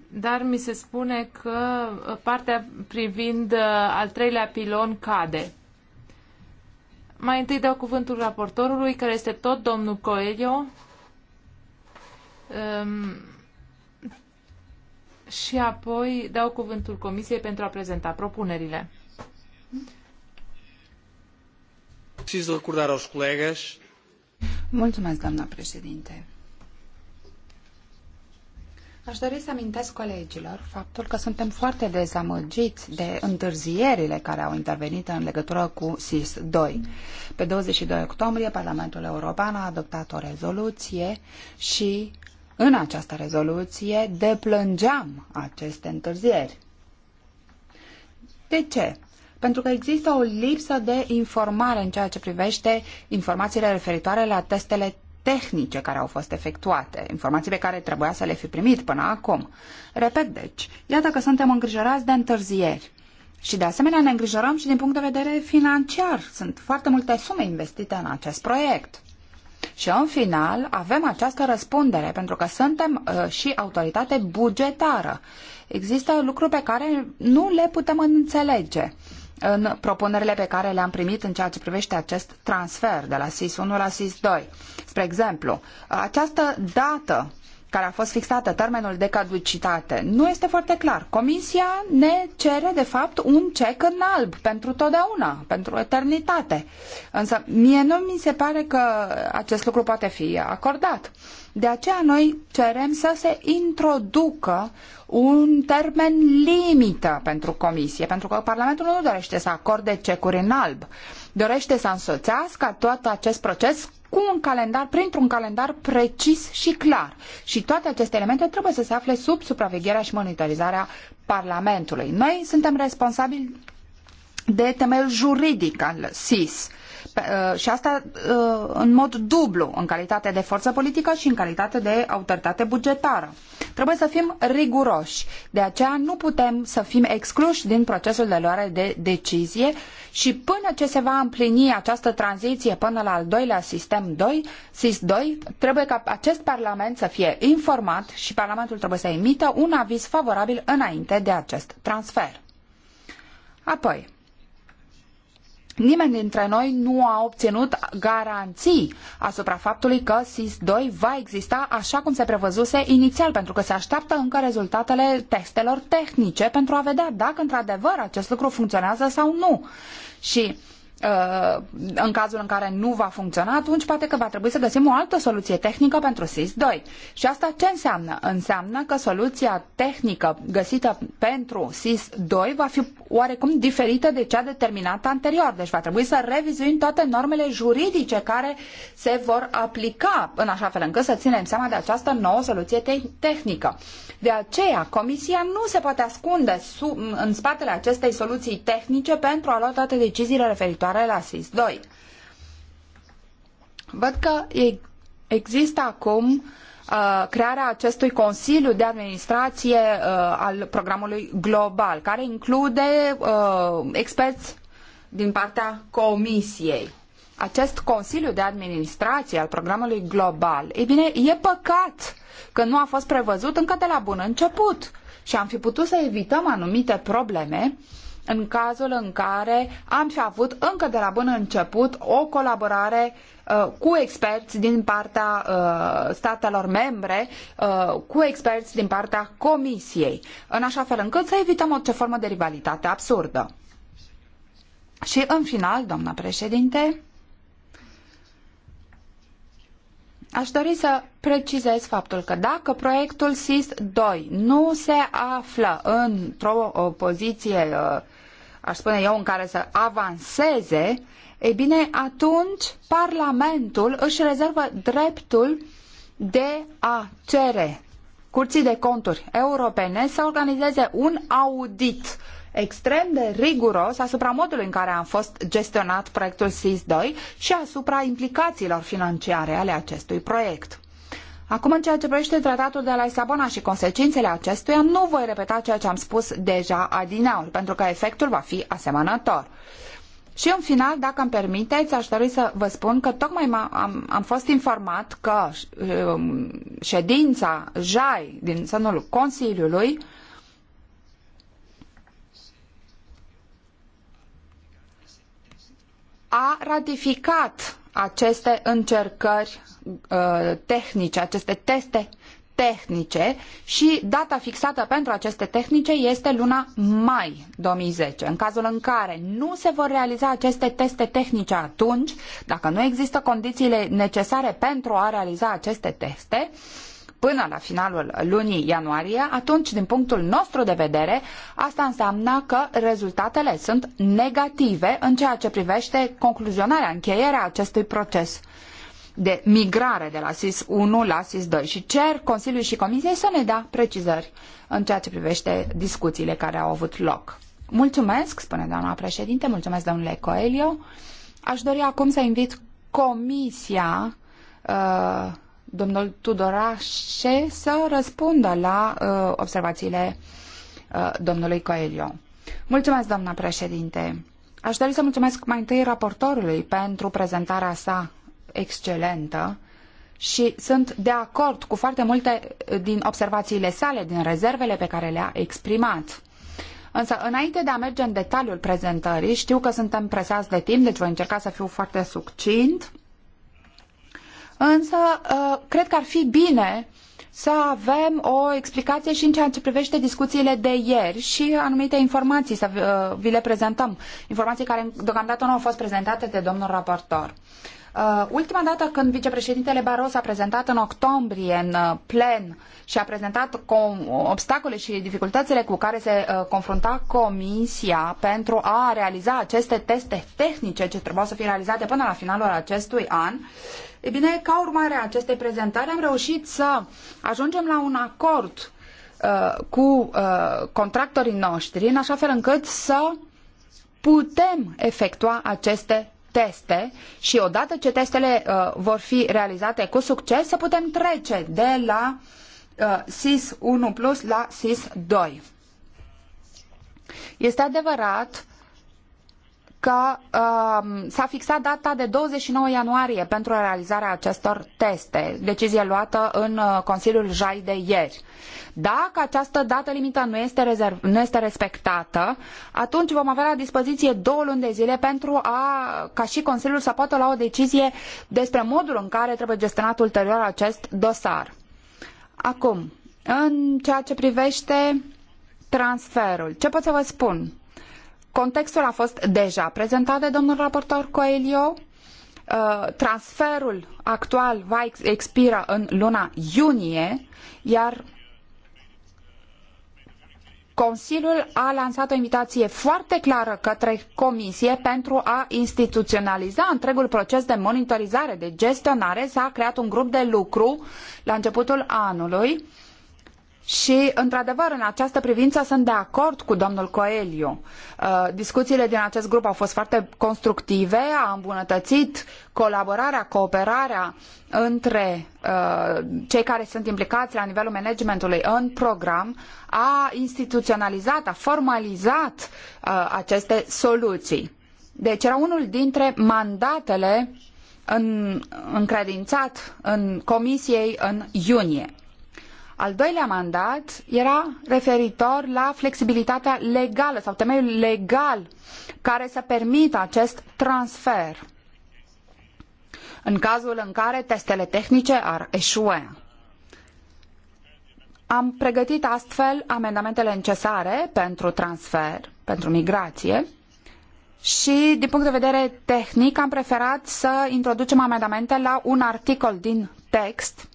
Dar mi se spune că uh, partea privind uh, al treilea pilon cade. Mai întâi dau cuvântul raportorului, care este tot domnul Coelho. Um, și apoi dau cuvântul Comisiei pentru a prezenta propunerile. Preciso Aș dori să amintesc colegilor faptul că suntem foarte dezamăgiți de întârzierile care au intervenit în legătură cu SIS-2. Pe 22 octombrie, Parlamentul European a adoptat o rezoluție și în această rezoluție deplângeam aceste întârzieri. De ce? pentru că există o lipsă de informare în ceea ce privește informațiile referitoare la testele tehnice care au fost efectuate, informații pe care trebuia să le fi primit până acum. Repet, deci, iată că suntem îngrijorați de întârzieri. Și de asemenea ne îngrijorăm și din punct de vedere financiar. Sunt foarte multe sume investite în acest proiect. Și în final avem această răspundere, pentru că suntem uh, și autoritate bugetară. Există lucruri pe care nu le putem înțelege în propunerile pe care le-am primit în ceea ce privește acest transfer de la SIS 1 la SIS 2. Spre exemplu, această dată care a fost fixată, termenul de caducitate, nu este foarte clar. Comisia ne cere, de fapt, un cec în alb pentru totdeauna, pentru eternitate. Însă, mie nu mi se pare că acest lucru poate fi acordat. De aceea noi cerem să se introducă un termen limită pentru comisie, pentru că Parlamentul nu dorește să acorde cecuri în alb. Uh, dorește să însoțească tot acest proces cu un calendar, printr-un calendar precis și clar. Și toate aceste elemente trebuie să se afle sub supravegherea și monitorizarea Parlamentului. Noi suntem responsabili de temeiul juridic al SIS. Uh, Uh, și asta uh, în mod dublu, în calitate de forță politică și în calitate de autoritate bugetară. Trebuie să fim riguroși. De aceea nu putem să fim excluși din procesul de luare de decizie și până ce se va împlini această tranziție până la al doilea sistem 2, SIS 2, trebuie ca acest Parlament să fie informat și Parlamentul trebuie să emită un aviz favorabil înainte de acest transfer. Apoi, Nimeni dintre noi nu a obținut garanții asupra faptului că SIS-2 va exista așa cum se prevăzuse inițial, pentru că se așteaptă încă rezultatele testelor tehnice pentru a vedea dacă într-adevăr acest lucru funcționează sau nu. Și Uh, în cazul în care nu va funcționa, atunci poate că va trebui să găsim o altă soluție tehnică pentru SIS-2. Și asta ce înseamnă? Înseamnă că soluția tehnică găsită pentru SIS-2 va fi oarecum diferită de cea determinată anterior. Deci va trebui să revizuim toate normele juridice care se vor aplica în așa fel încât să ținem seama de această nouă soluție te tehnică. De aceea, Comisia nu se poate ascunde în spatele acestei soluții tehnice pentru a lua toate deciziile referitoare aplicare la SIS-2. Văd că există acum uh, crearea acestui Consiliu de Administrație uh, al programului global, care include uh, experți din partea Comisiei acest Consiliu de Administrație al programului global, e bine, e păcat că nu a fost prevăzut încă de la bun început și am fi putut să evităm anumite probleme uh, în cazul în care am fi avut încă de la bun început o colaborare uh, cu experți din partea uh, statelor membre, uh, cu experți din partea Comisiei, în așa fel încât să evităm orice formă de rivalitate absurdă. Și în final, doamna președinte, Aș dori să precizez faptul că dacă proiectul SIS-2 nu se află într-o uh, poziție, uh, aș spune eu, în care să avanseze, e bine, atunci Parlamentul își rezervă dreptul de a cere Curții de Conturi Europene să organizeze un audit extrem de riguros asupra modului în care a fost gestionat proiectul SIS-2 și asupra implicațiilor financiare ale acestui proiect. Acum, în ceea ce privește tratatul de la Lisabona și consecințele acestuia, nu voi repeta ceea ce am spus deja adineauri, pentru că efectul va fi asemănător. Și în final, dacă îmi permiteți, aș dori să vă spun că tocmai am, am fost informat că um, ședința JAI din sânul Consiliului uh, a ratificat aceste încercări uh, tehnice, aceste teste tehnice și data fixată pentru aceste tehnice este luna mai 2010. În cazul în care nu se vor realiza aceste teste tehnice atunci, dacă nu există condițiile necesare pentru a realiza aceste teste, uh, până la finalul lunii ianuarie, atunci, din punctul nostru de vedere, asta înseamnă că rezultatele sunt negative în ceea ce privește concluzionarea, încheierea acestui proces de migrare de la SIS 1 la SIS 2 și cer Consiliului și Comisiei să ne dea precizări în ceea ce privește discuțiile care au avut loc. Mulțumesc, spune doamna președinte, mulțumesc domnule Coelio. Aș dori acum să invit Comisia uh, domnul Tudorașe să răspundă la uh, observațiile uh, domnului Coelio. Mulțumesc, doamna președinte. Aș dori să mulțumesc mai întâi raportorului pentru prezentarea sa excelentă și sunt de acord cu foarte multe din observațiile sale, din rezervele pe care le-a exprimat. Însă, înainte de a merge în detaliul prezentării, știu că suntem presați de timp, deci voi încerca să fiu foarte succint. Însă, uh, cred că ar fi bine să avem o explicație și în ceea ce privește discuțiile de ieri și anumite informații să uh, vi le prezentăm, informații care deocamdată nu au fost prezentate de domnul raportor. Uh, Uh, ultima dată când vicepreședintele Barroso a prezentat în octombrie în uh, plen și a prezentat obstacole și dificultățile cu care se uh, confrunta Comisia pentru a realiza aceste teste tehnice ce trebuiau să fie realizate până la finalul acestui an, e bine, ca urmare a acestei prezentări am reușit să ajungem la un acord cu contractorii noștri, în așa fel încât să putem efectua aceste teste și odată ce testele uh, vor fi realizate cu succes, să putem trece de la uh, SIS 1 plus la SIS 2. Este adevărat că uh, s-a fixat data de 29 ianuarie pentru realizarea acestor teste, decizie luată în uh, Consiliul JAI de ieri. Dacă această dată limită nu este, rezerv, nu este respectată, atunci vom avea la dispoziție două luni de zile pentru a, ca și Consiliul să poată lua o decizie despre modul în care trebuie gestionat ulterior acest dosar. Acum, în ceea ce privește transferul, ce pot să vă spun? Contextul a fost deja prezentat de domnul raportor Coelho. Uh, transferul actual va expira în luna iunie, iar Consiliul a lansat o invitație foarte clară către Comisie pentru a instituționaliza întregul proces de monitorizare, de gestionare. S-a creat un grup de lucru la începutul anului și, într-adevăr, în această privință sunt de acord cu domnul Coelho. Uh, discuțiile din acest grup au fost foarte constructive, a îmbunătățit colaborarea, cooperarea între uh, cei care sunt implicați la nivelul managementului în program, a instituționalizat, a formalizat uh, aceste soluții. Deci era unul dintre mandatele în, încredințat în comisiei în iunie. Al doilea mandat era referitor la flexibilitatea legală sau temeiul legal care să permită acest transfer în cazul în care testele tehnice ar eșua. Am pregătit astfel amendamentele necesare pentru transfer, pentru migrație și, din punct de vedere tehnic, am preferat să introducem amendamente la un articol din text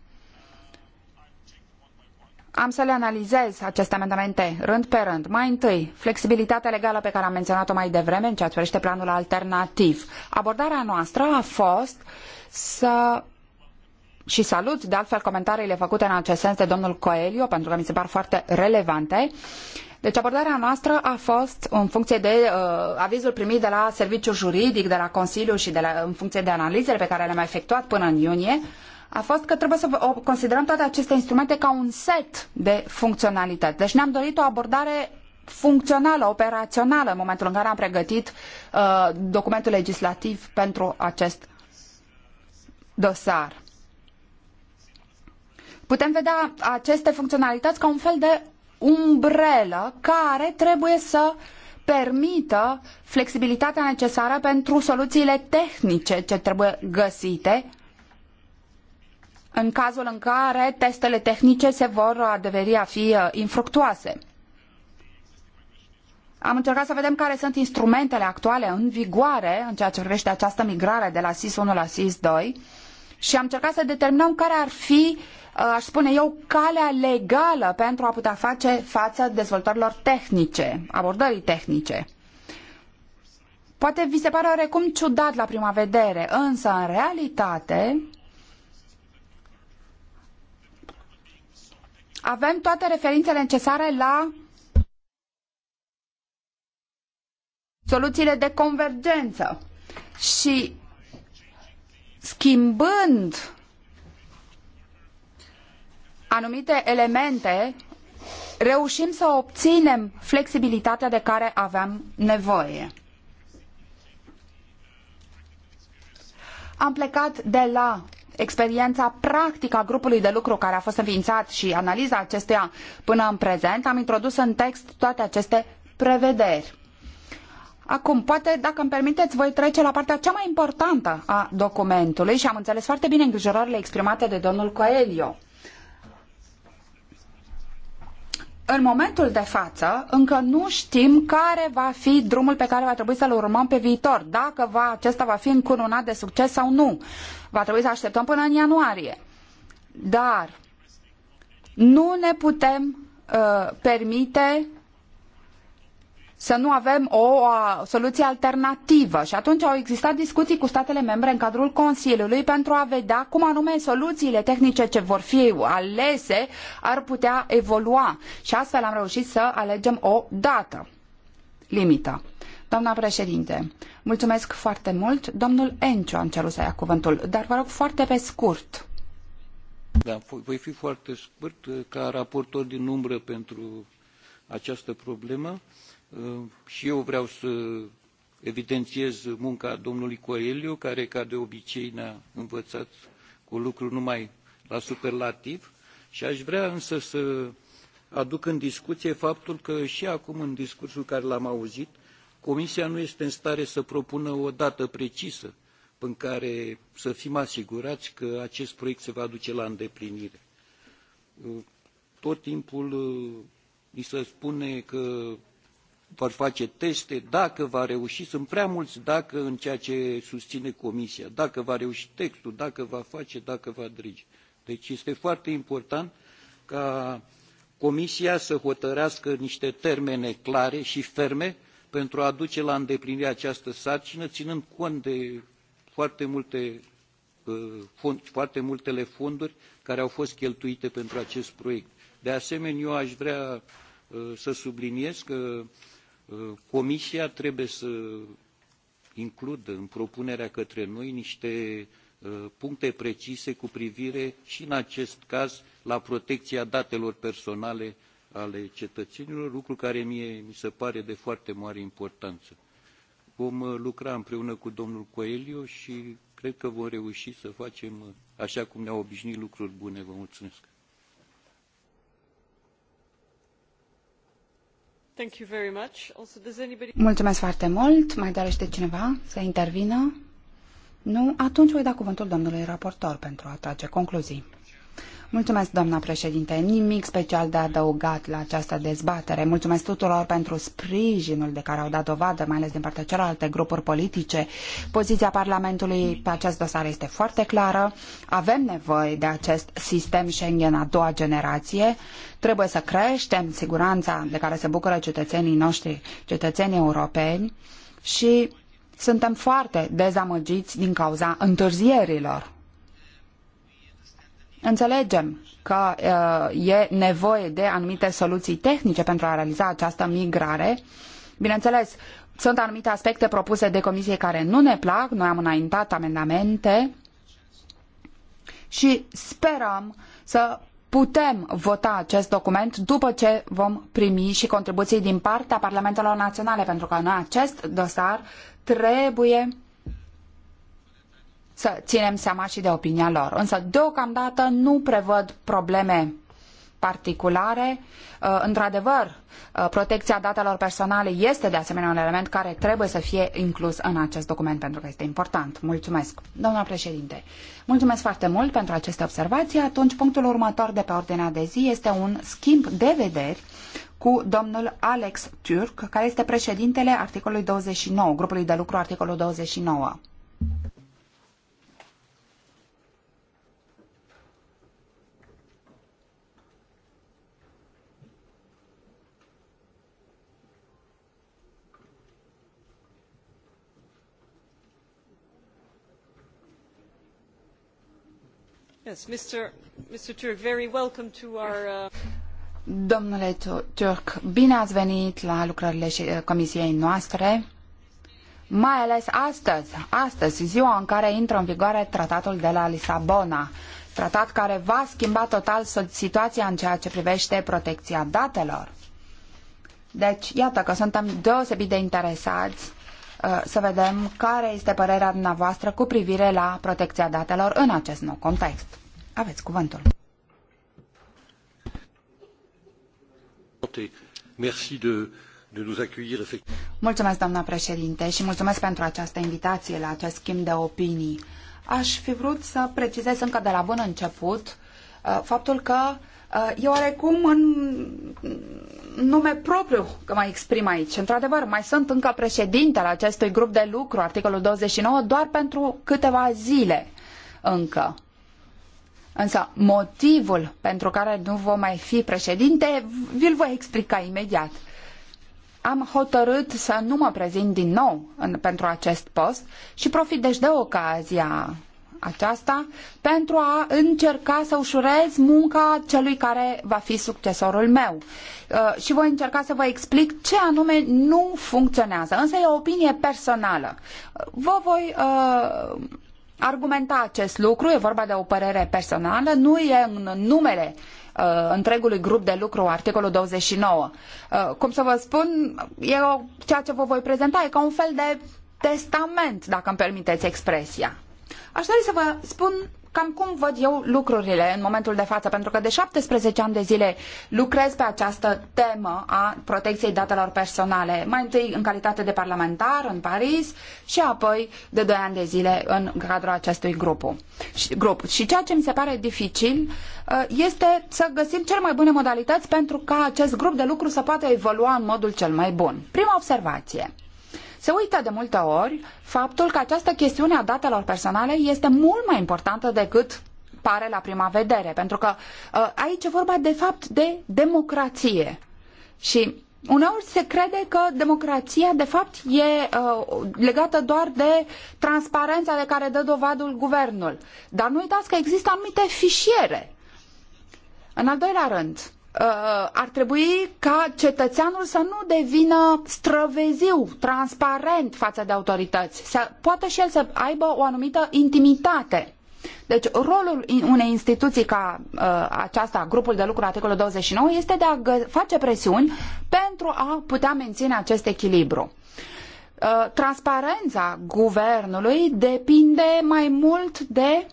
am să le analizez aceste amendamente rând pe rând. Mai întâi, flexibilitatea legală pe care am menționat-o mai devreme în ceea ce privește planul alternativ. Abordarea noastră a fost să și salut de altfel comentariile făcute în acest sens de domnul Coelho, pentru că mi se par foarte relevante. Deci abordarea noastră a fost în funcție de uh, avizul primit de la serviciul juridic, de la Consiliu și de la, în funcție de analizele pe care le-am efectuat până în iunie, uh, a fost că trebuie să considerăm toate aceste instrumente ca un set de funcționalități. Deci ne-am dorit o abordare funcțională, operațională în momentul în care am pregătit uh, documentul legislativ pentru acest dosar. Putem vedea aceste funcționalități ca un fel de umbrelă care trebuie să permită flexibilitatea necesară pentru soluțiile tehnice ce trebuie găsite în cazul în care testele tehnice se vor adeveri a fi uh, infructuoase. Am încercat să vedem care sunt instrumentele actuale în vigoare în ceea ce privește această migrare de la SIS 1 la SIS 2 și am încercat să determinăm care ar fi, uh, aș spune eu, calea legală pentru a putea face față dezvoltărilor tehnice, abordării tehnice. Poate vi se pare oarecum ciudat la prima vedere, însă în realitate avem toate referințele necesare la soluțiile de convergență și schimbând anumite elemente, reușim să obținem flexibilitatea de care aveam nevoie. Am plecat de la experiența practică a grupului de lucru care a fost înființat și analiza acestuia până în prezent, am introdus în text toate aceste prevederi. Acum, poate, dacă îmi permiteți, voi trece la partea cea mai importantă a documentului și am înțeles foarte bine îngrijorările exprimate de domnul Coelho. în momentul de față, încă nu știm care va fi drumul pe care va trebui să-l urmăm pe viitor, dacă va, acesta va fi încununat de succes sau nu. Va trebui să așteptăm până în ianuarie. Dar nu ne putem uh, permite să nu avem o soluție alternativă. Și atunci au existat discuții cu statele membre în cadrul Consiliului pentru a vedea cum anume soluțiile tehnice ce vor fi alese ar putea evolua. Și astfel am reușit să alegem o dată limită. Doamna președinte, mulțumesc foarte mult. Domnul Enciu a cerut să ia cuvântul, dar vă rog foarte pe scurt. Da, voi fi foarte scurt ca raportor din umbră pentru această problemă. Uh, Ehm, și eu vreau să evidențiez munca domnului Coelho, care, ca de obicei, ne-a învățat cu lucruri numai la superlativ și aș vrea însă să aduc în discuție faptul că și acum, în discursul care l-am auzit, Comisia nu este în stare să propună o dată precisă în care să fim asigurați că acest proiect se va duce la îndeplinire. Tot timpul eh, ni se spune că vor face teste, dacă va reuși, sunt prea mulți dacă în ceea ce susține comisia, dacă va reuși textul, dacă va face, dacă va drige. Deci este foarte important ca comisia să hotărească niște termene clare și ferme pentru a aduce la îndeplinire această sarcină, ținând cont de foarte, multe, uh, fond, foarte multele fonduri care au fost cheltuite pentru acest proiect. De asemenea, eu aș vrea uh, să subliniez că Comisia trebuie să includă în propunerea către noi niște uh, puncte precise cu privire și în acest caz la protecția datelor personale ale cetățenilor, lucru care mie mi se pare de foarte mare importanță. Vom uh, lucra împreună cu domnul Coelho și cred că vom reuși să facem, uh, așa cum ne-au obișnuit, lucruri bune. Vă mulțumesc. Mulțumesc foarte mult. Mai dorește cineva să intervină? Nu? Atunci voi da cuvântul domnului raportor pentru a trage concluzii. Mulțumesc, doamna președinte. Nimic special de adăugat la această dezbatere. Mulțumesc tuturor pentru sprijinul de care au dat dovadă, mai ales din partea celorlalte grupuri politice. Poziția Parlamentului pe acest dosar este foarte clară. Avem nevoie de acest sistem Schengen a doua generație. Trebuie să creștem siguranța de care se bucură cetățenii noștri, cetățenii europeni și suntem foarte dezamăgiți din cauza întârzierilor Înțelegem că uh, e nevoie de anumite soluții tehnice pentru a realiza această migrare. Bineînțeles, sunt anumite aspecte propuse de comisie care nu ne plac, noi am înaintat amendamente și sperăm să putem vota acest document după ce vom primi și contribuții din partea Parlamentelor Naționale, pentru că în acest dosar trebuie să ținem seama și de opinia lor. Însă, deocamdată, nu prevăd probleme particulare. Uh, într-adevăr, uh, protecția datelor personale este de asemenea un element care trebuie să fie inclus în acest document pentru că este important. Mulțumesc, doamna președinte. Mulțumesc foarte mult pentru aceste observații. Atunci, punctul următor de pe ordinea de zi este un schimb de vederi cu domnul Alex Turk, care este președintele articolului 29, grupului de lucru articolul 29. Domnule Turk, bine ați venit la lucrările uh, comisiei noastre, mai ales astăzi, astăzi, ziua în care intră în vigoare tratatul de la Lisabona, tratat care va schimba total situația în ceea ce privește protecția datelor. Deci, iată că suntem deosebit de interesați Uh, să vedem care este părerea dumneavoastră cu privire la protecția datelor în acest nou context. Aveți cuvântul. Merci de, Mulțumesc, doamna președinte, și mulțumesc pentru această invitație la acest schimb de opinii. Aș fi vrut să precizez încă de la bun început uh, faptul că Uh, e oarecum în nume propriu că mă exprim aici. Într-adevăr, mai sunt încă președinte al acestui grup de lucru, articolul 29, doar pentru câteva zile încă. Însă motivul pentru care nu vom mai fi președinte, vi-l voi explica imediat. Am hotărât să nu mă prezint din nou în, pentru acest post și profit deci de ocazia aceasta pentru a încerca să ușurez munca celui care va fi succesorul meu. Uh, și voi încerca să vă explic ce anume nu funcționează. Însă e o opinie personală. Uh, vă voi uh, argumenta acest lucru, e vorba de o părere personală, nu e în numele uh, întregului grup de lucru, articolul 29. Cum să vă spun, eu, ceea ce vă voi prezenta e ca un fel de testament, dacă îmi permiteți expresia. Aș dori să vă spun cam cum văd eu lucrurile în momentul de față, pentru că de 17 ani de zile lucrez pe această temă a protecției datelor personale, mai întâi în calitate de parlamentar în Paris și apoi de 2 ani de zile în cadrul acestui grup. grup. Și ceea ce mi se pare dificil uh, este să găsim cele mai bune modalități pentru ca acest grup de lucru să poată evolua în modul cel mai bun. Prima observație. Se uită de multe ori faptul că această chestiune a datelor personale este mult mai importantă decât pare la prima vedere, pentru că uh, aici e vorba de fapt de democrație. Și Uneori se crede că democrația, de fapt, e uh, legată doar de transparența de care dă dovadul guvernul. Dar nu uitați că există anumite fișiere. În al doilea rând, Uh, ar trebui ca cetățeanul să nu devină străveziu, transparent față de autorități. Să, poate și el să aibă o anumită intimitate. Deci rolul unei instituții ca uh, aceasta, grupul de lucru articolul 29, este de a face presiuni pentru a putea menține acest echilibru. Uh, transparența guvernului depinde mai mult de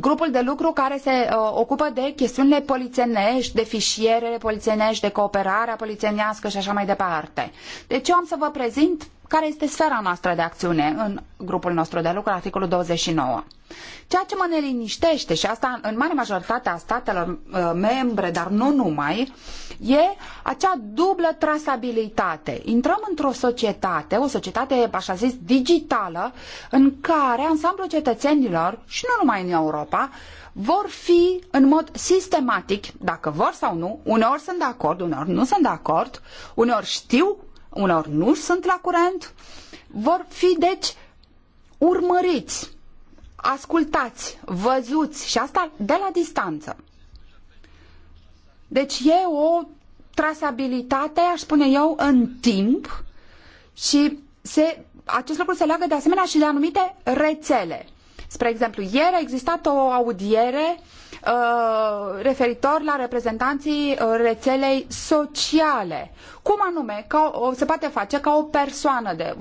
grupul de lucru care se uh, ocupă de chestiunile polițienești, de fișierele polițienești, de cooperarea polițienească și așa mai departe. Deci eu am să vă prezint care este sfera noastră de acțiune în grupul nostru de lucru, articolul 29. Ceea ce mă neliniștește, și asta în mare majoritate a statelor uh, membre, dar nu numai, e acea dublă trasabilitate. Intrăm într-o societate, o societate, așa zis, digitală, în care ansamblul cetățenilor, și nu numai în Europa, vor fi în mod sistematic, dacă vor sau nu, uneori sunt de acord, uneori nu sunt de acord, uneori știu unor nu sunt la curent, vor fi deci urmăriți, ascultați, văzuți și asta de la distanță. Deci e o trasabilitate, aș spune eu, în timp și se, acest lucru se leagă de asemenea și de anumite rețele. Spre exemplu, ieri a existat o audiere uh, Uh, referitor la reprezentanții uh, rețelei sociale. Cum anume ca o, se poate face ca o persoană de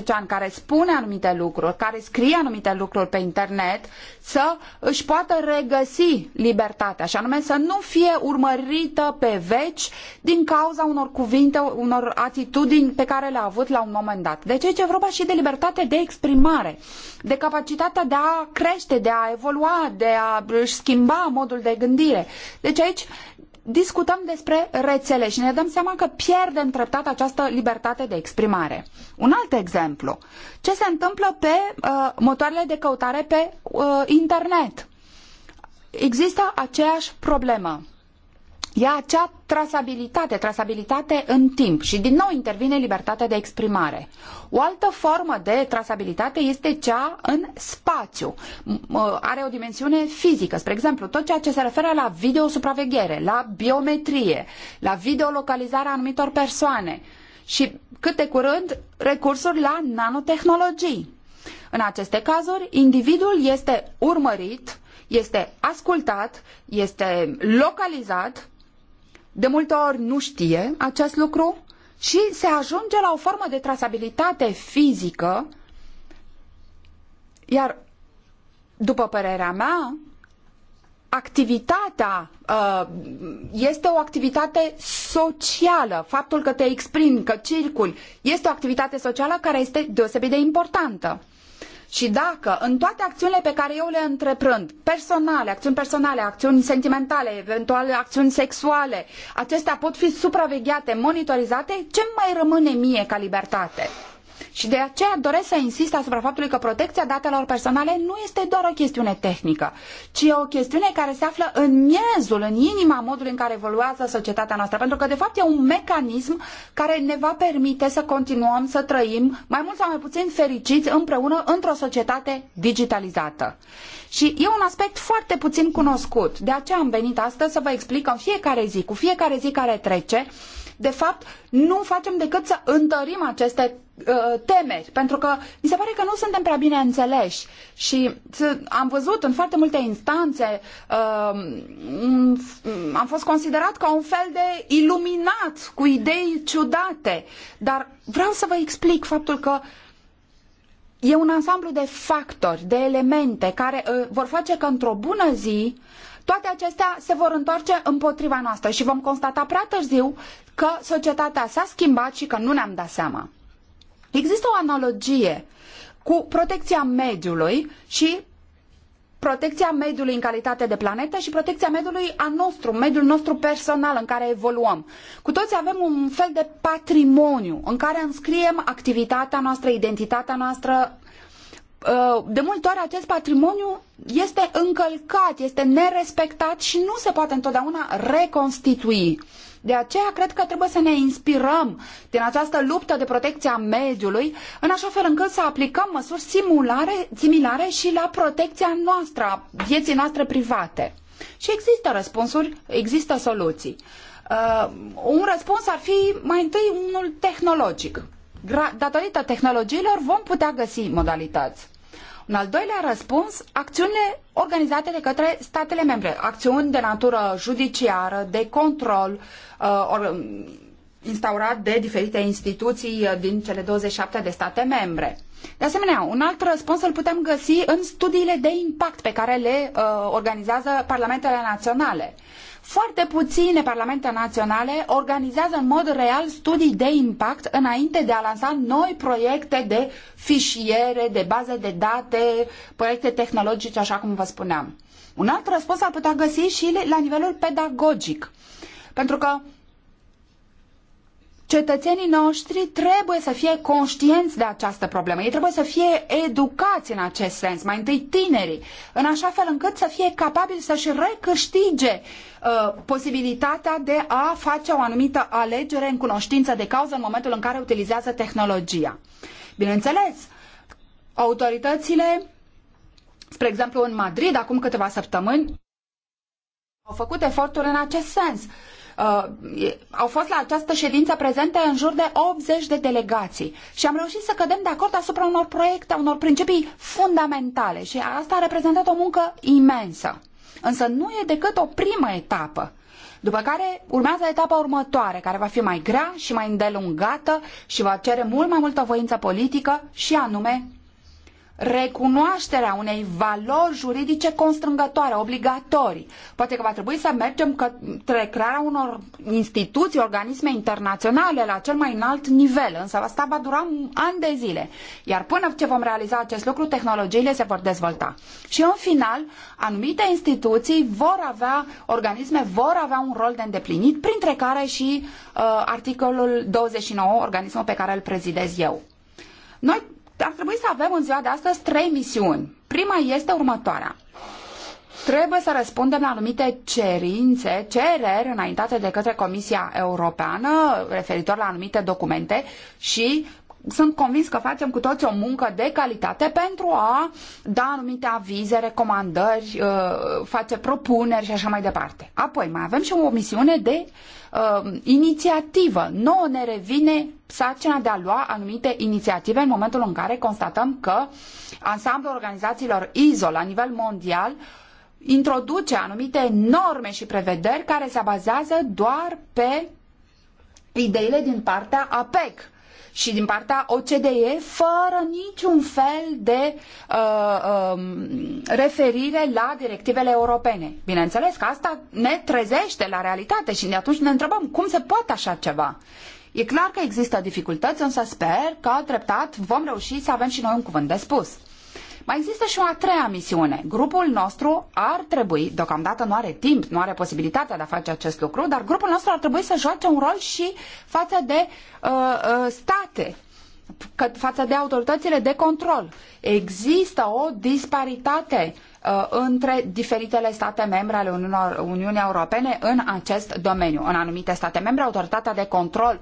18-19 ani care spune anumite lucruri, care scrie anumite lucruri pe internet, să își poată regăsi libertatea și anume să nu fie urmărită pe veci din cauza unor cuvinte, unor atitudini pe care le-a avut la un moment dat. Deci aici e vorba și de libertate de exprimare, de capacitatea de a crește, de a evolua, de a își schimba modul de gândire. Deci aici discutăm despre rețele și ne dăm seama că pierdem treptat această libertate de exprimare. Un alt exemplu. Ce se întâmplă pe uh, motoarele de căutare pe uh, internet? Există aceeași problemă e acea trasabilitate, trasabilitate în timp și din nou intervine libertatea de exprimare. O altă formă de trasabilitate este cea în spațiu. Are o dimensiune fizică, spre exemplu, tot ceea ce se referă la videosupraveghere, la biometrie, la videolocalizarea anumitor persoane și cât de curând recursuri la nanotehnologii. În aceste cazuri, individul este urmărit este ascultat, este localizat de multe ori nu știe acest lucru și se ajunge la o formă de trasabilitate fizică, iar, după părerea mea, activitatea uh, este o activitate socială. Faptul că te exprimi, că circuli, este o activitate socială care este deosebit de importantă. Și dacă în toate acțiunile pe care eu le întreprând, personale, acțiuni personale, acțiuni sentimentale, eventual acțiuni sexuale, acestea pot fi supravegheate, monitorizate, ce mai rămâne mie ca libertate? Și de aceea doresc să insist asupra faptului că protecția datelor personale nu este doar o chestiune tehnică, ci e o chestiune care se află în miezul, în inima modului în care evoluează societatea noastră. Pentru că, de fapt, e un mecanism care ne va permite să continuăm să trăim mai mult sau mai puțin fericiți împreună într-o societate digitalizată. Și e un aspect foarte puțin cunoscut. De aceea am venit astăzi să vă explic în fiecare zi, cu fiecare zi care trece, de fapt, nu facem decât să întărim aceste uh, temeri, pentru că mi se pare că nu suntem prea bine înțeleși și am văzut în foarte multe instanțe, uh, am fost considerat ca un fel de iluminat cu idei ciudate, dar vreau să vă explic faptul că e un ansamblu de factori, de elemente care uh, vor face că într-o bună zi toate acestea se vor întoarce împotriva noastră și vom constata prea târziu că societatea s-a schimbat și că nu ne-am dat seama. Există o analogie cu protecția mediului și protecția mediului în calitate de planetă și protecția mediului a nostru, mediul nostru personal în care evoluăm. Cu toți avem un fel de patrimoniu în care înscriem activitatea noastră, identitatea noastră, Uh, de multe ori acest patrimoniu este încălcat, este nerespectat și nu se poate întotdeauna reconstitui. De aceea cred că trebuie să ne inspirăm din această luptă de protecție a mediului, în așa fel încât să aplicăm măsuri simulare, similare și la protecția noastră, a vieții noastre private. Și există răspunsuri, există soluții. Uh, un răspuns ar fi mai întâi unul tehnologic. Gra datorită tehnologiilor vom putea găsi modalități. În al doilea răspuns, acțiunile organizate de către statele membre, acțiuni de natură judiciară, de control, uh, instaurat de diferite instituții uh, din cele 27 de state membre. De asemenea, un alt răspuns îl putem găsi în studiile de impact pe care le uh, organizează parlamentele naționale. Uh, foarte puține parlamente naționale organizează în mod real studii de impact înainte de a lansa noi proiecte de fișiere, de baze de date, proiecte tehnologice, așa cum vă spuneam. Un alt răspuns ar putea găsi și la nivelul pedagogic. Pentru că cetățenii noștri trebuie să fie conștienți de această problemă. Ei trebuie să fie educați în acest sens, mai întâi tinerii, în așa fel încât să fie capabili să-și recâștige uh, posibilitatea de a face o anumită alegere în cunoștință de cauză în momentul în care utilizează tehnologia. Bineînțeles, autoritățile, spre exemplu în Madrid, acum câteva săptămâni, au făcut eforturi în acest sens uh, au fost la această ședință prezente în jur de 80 de delegații și am reușit să cădem de acord asupra unor proiecte, unor principii fundamentale și asta a reprezentat o muncă imensă. Însă nu e decât o primă etapă. După care urmează etapa următoare, care va fi mai grea și mai îndelungată și va cere mult mai multă voință politică și anume recunoașterea unei valori juridice constrângătoare, obligatorii. Poate că va trebui să mergem către crearea unor instituții, organisme internaționale la cel mai înalt nivel, însă asta va dura ani de zile. Iar până ce vom realiza acest lucru, tehnologiile se vor dezvolta. Și în final, anumite instituții vor avea, organisme vor avea un rol de îndeplinit, printre care și uh, articolul 29, organismul pe care îl prezidez eu. Noi ar trebui să avem în ziua de astăzi trei misiuni. Prima este următoarea. Trebuie să răspundem la anumite cerințe, cereri înaintate de către Comisia Europeană referitor la anumite documente și sunt convins că facem cu toți o muncă de calitate pentru a da anumite avize, recomandări, uh, face propuneri și așa mai departe. Apoi mai avem și o misiune de uh, inițiativă. Nouă ne revine sarcina de a lua anumite inițiative în momentul în care constatăm că ansamblul organizațiilor ISO la nivel mondial introduce anumite norme și prevederi care se bazează doar pe ideile din partea APEC și din partea OCDE fără niciun fel de uh, uh, referire la directivele europene. Bineînțeles că asta ne trezește la realitate și de atunci ne întrebăm cum se poate așa ceva. E clar că există dificultăți, însă sper că treptat vom reuși să avem și noi un cuvânt de spus. Mai există și o a treia misiune. Grupul nostru ar trebui, deocamdată nu are timp, nu are posibilitatea de a face acest lucru, dar grupul nostru ar trebui să joace un rol și față de uh, uh, state față de autoritățile de control. Există o disparitate Uh, între diferitele state membre ale Uniunii Europene în acest domeniu. În anumite state membre, autoritatea de control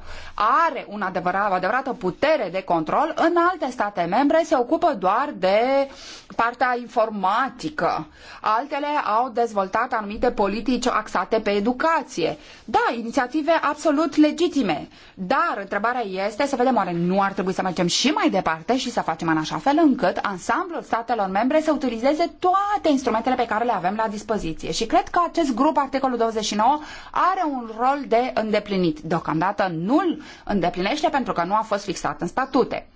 are un adevărat, o adevărată putere de control, în alte state membre se ocupă doar de partea informatică. Altele au dezvoltat anumite politici axate pe educație. Da, inițiative absolut legitime, dar întrebarea este să vedem oare nu ar trebui să mergem și mai departe și să facem în așa fel încât ansamblul statelor membre să utilizeze toate toate instrumentele pe care le avem la dispoziție. Și cred că acest grup, articolul 29, are un rol de îndeplinit. Deocamdată nu-l îndeplinește pentru că nu a fost fixat în statute.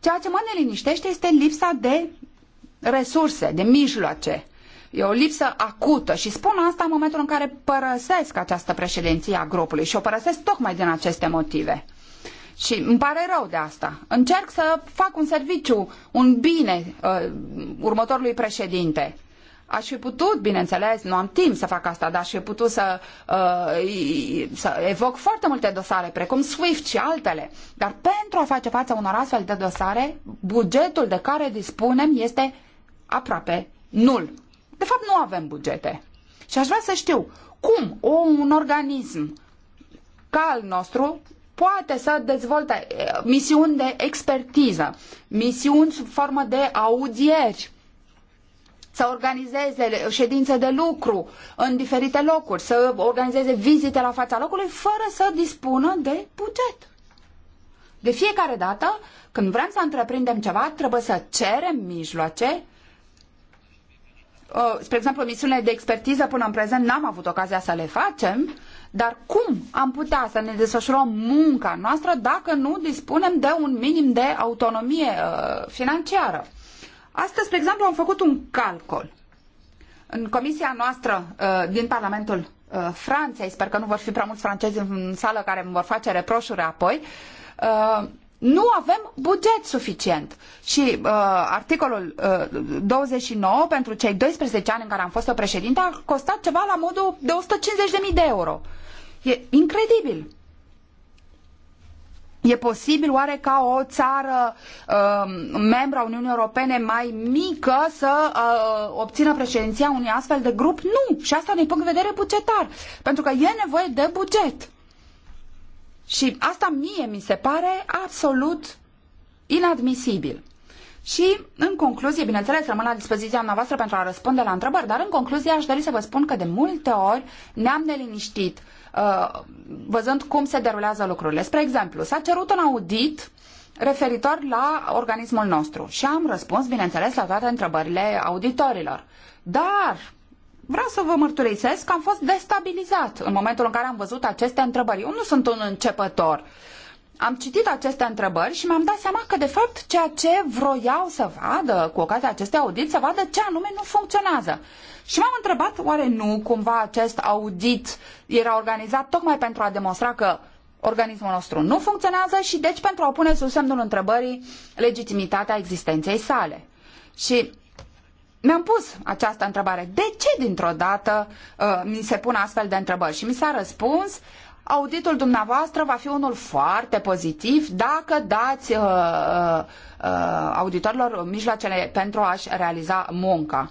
Ceea ce mă neliniștește este lipsa de resurse, de mijloace. E o lipsă acută și spun asta în momentul în care părăsesc această președinție a grupului și o părăsesc tocmai din aceste motive. Și îmi pare rău de asta. Încerc să fac un serviciu, un bine uh, următorului președinte. Aș fi putut, bineînțeles, nu am timp să fac asta, dar aș fi putut să, uh, să evoc foarte multe dosare, precum SWIFT și altele. Dar pentru a face față unor astfel de dosare, bugetul de care dispunem este aproape nul. De fapt, nu avem bugete. Și aș vrea să știu cum un organism ca al nostru poate să dezvolte eh, misiuni de expertiză, misiuni sub formă de audieri, să organizeze ședințe de lucru în diferite locuri, să organizeze vizite la fața locului fără să dispună de buget. De fiecare dată, când vrem să întreprindem ceva, trebuie să cerem mijloace Uh, spre exemplu, misiune de expertiză până în prezent n-am avut ocazia să le facem, dar cum am putea să ne desfășurăm munca noastră dacă nu dispunem de un minim de autonomie uh, financiară? Astăzi, spre exemplu, am făcut un calcul. În comisia noastră uh, din Parlamentul uh, Franței, sper că nu vor fi prea mulți francezi în sală care îmi vor face reproșuri apoi, uh, nu avem buget suficient. Și uh, articolul uh, 29 pentru cei 12 ani în care am fost eu președinte a costat ceva la modul de 150.000 de euro. E incredibil. E posibil oare ca o țară uh, membra Uniunii Europene mai mică să uh, obțină președinția unui astfel de grup? Nu! Și asta din punct de vedere bugetar. Pentru că e nevoie de buget. Și asta mie mi se pare absolut inadmisibil. Și, în concluzie, bineînțeles, rămân la dispoziția noastră pentru a răspunde la întrebări, dar, în concluzie, aș dori să vă spun că de multe ori ne-am neliniștit uh, văzând cum se derulează lucrurile. Spre exemplu, s-a cerut un audit referitor la organismul nostru și am răspuns, bineînțeles, la toate întrebările auditorilor. Dar Vreau să vă mărturisesc că am fost destabilizat în momentul în care am văzut aceste întrebări. Eu nu sunt un începător. Am citit aceste întrebări și mi-am dat seama că, de fapt, ceea ce vroiau să vadă cu ocazia acestei audit, să vadă ce anume nu funcționează. Și m-am întrebat, oare nu cumva acest audit era organizat tocmai pentru a demonstra că organismul nostru nu funcționează și deci pentru a pune sub semnul întrebării legitimitatea existenței sale. Și mi-am pus această întrebare. De ce dintr-o dată uh, mi se pun astfel de întrebări? Și mi s-a răspuns, auditul dumneavoastră va fi unul foarte pozitiv dacă dați uh, uh, uh, auditorilor mijloacele pentru a-și realiza munca.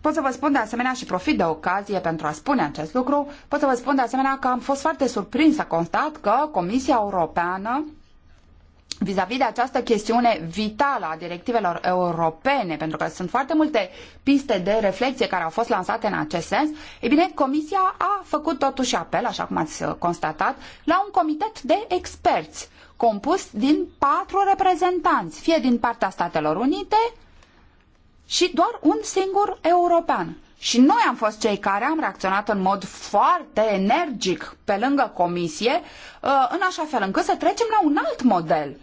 Pot să vă spun de asemenea și profit de ocazie pentru a spune acest lucru, pot să vă spun de asemenea că am fost foarte surprins să constat că Comisia Europeană vis-a-vis de această chestiune vitală a directivelor europene, pentru că sunt foarte multe piste de reflexie care au fost lansate în acest sens, e bine, Comisia a făcut totuși apel, așa cum ați constatat, la un comitet de experți compus din patru reprezentanți, fie din partea Statelor Unite și doar un singur european. Și noi am fost cei care am reacționat în mod foarte energic pe lângă comisie, uh, în așa fel încât să trecem la un alt model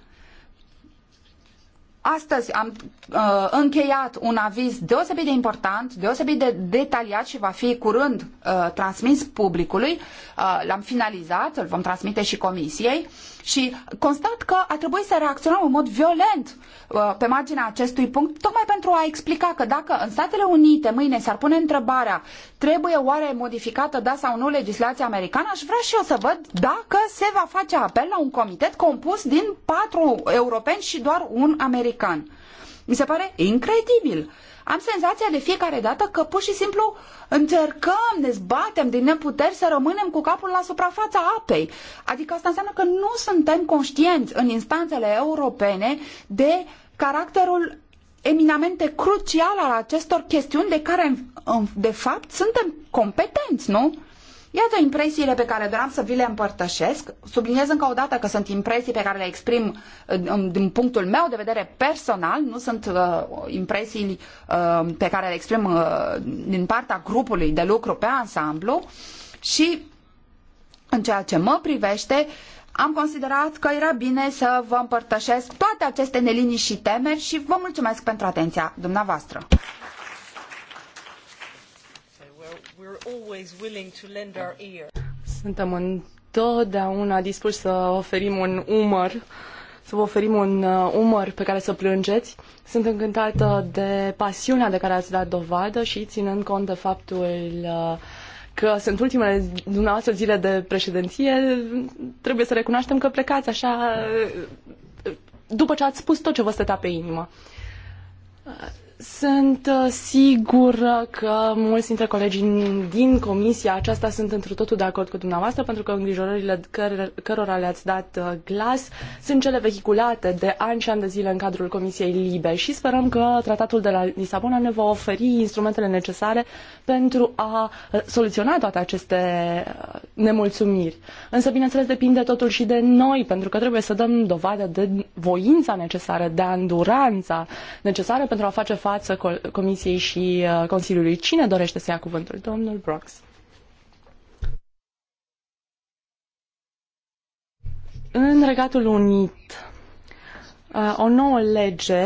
Astăzi am uh, încheiat un aviz deosebit de important, deosebit de detaliat și va fi curând uh, transmis publicului. Uh, l-am finalizat, îl vom transmite și comisiei. Uh, și constat că a trebuit să reacționăm în mod violent uh, pe marginea acestui punct, tocmai pentru a explica că dacă în Statele Unite mâine s-ar pune întrebarea trebuie oare modificată da sau nu legislația americană, aș vrea și eu să văd dacă se va face apel la un comitet compus din patru europeni și doar un american. Mi se pare incredibil. Uh, am senzația de fiecare dată că pur și simplu încercăm, ne zbatem din neputeri să rămânem cu capul la suprafața apei. Adică asta înseamnă că nu suntem conștienți în instanțele europene de caracterul eminamente crucial al acestor chestiuni de care, de fapt, suntem competenți, nu? Iată impresiile pe care doream să vi le împărtășesc. Subliniez încă o dată că sunt impresii pe care le exprim din punctul meu de vedere personal, nu sunt uh, impresii uh, pe care le exprim uh, din partea grupului de lucru pe ansamblu și în ceea ce mă privește, am considerat că era bine să vă împărtășesc toate aceste nelinii și temeri și vă mulțumesc pentru atenția dumneavoastră. Suntem întotdeauna dispuși să oferim un umăr, să vă oferim un uh, umăr pe care să plângeți. Sunt încântată de pasiunea de care ați dat dovadă și ținând cont de faptul uh, că sunt ultimele dumneavoastră zile de președinție, trebuie să recunoaștem că plecați așa uh, după ce ați spus tot ce vă stătea pe inimă. Sunt uh, sigură că mulți dintre colegii din comisia aceasta sunt într totul de acord cu dumneavoastră, pentru că îngrijorările căr- cărora le-ați dat uh, glas sunt cele vehiculate de ani și ani de zile în cadrul Comisiei Libe și sperăm că tratatul de la Lisabona ne va oferi instrumentele necesare pentru a uh, soluționa toate aceste nemulțumiri. Însă, bineînțeles, depinde totul și de noi, pentru că trebuie să dăm dovadă de voința necesară, de anduranța necesară pentru a face față față Comisiei și uh, Consiliului. Cine dorește să ia cuvântul? Domnul Brooks. În Regatul Unit, uh, o nouă lege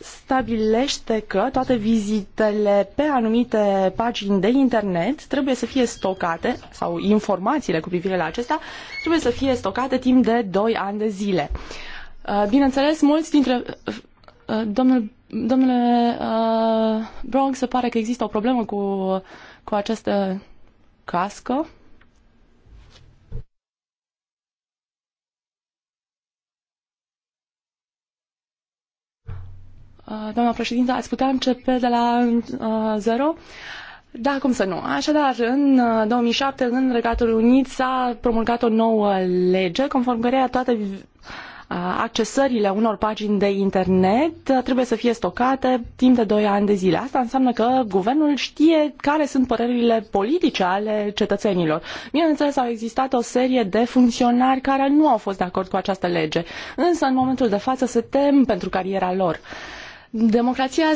stabilește că toate vizitele pe anumite pagini de internet trebuie să fie stocate sau informațiile cu privire la acestea trebuie să fie stocate timp de 2 ani de zile. Uh, bineînțeles, mulți dintre domnul Domnule uh, Brown, se pare că există o problemă cu, cu această cască. Uh, doamna președintă, ați putea începe de la uh, zero? Da, cum să nu. Așadar, în 2007, uh, în Regatul Unit s-a promulgat o nouă lege, conform căreia toate accesările unor pagini de internet trebuie să fie stocate timp de 2 ani de zile. Asta înseamnă că guvernul știe care sunt părerile politice ale cetățenilor. Bineînțeles, au existat o serie de funcționari care nu au fost de acord cu această lege, însă în momentul de față se tem pentru cariera lor. Democrația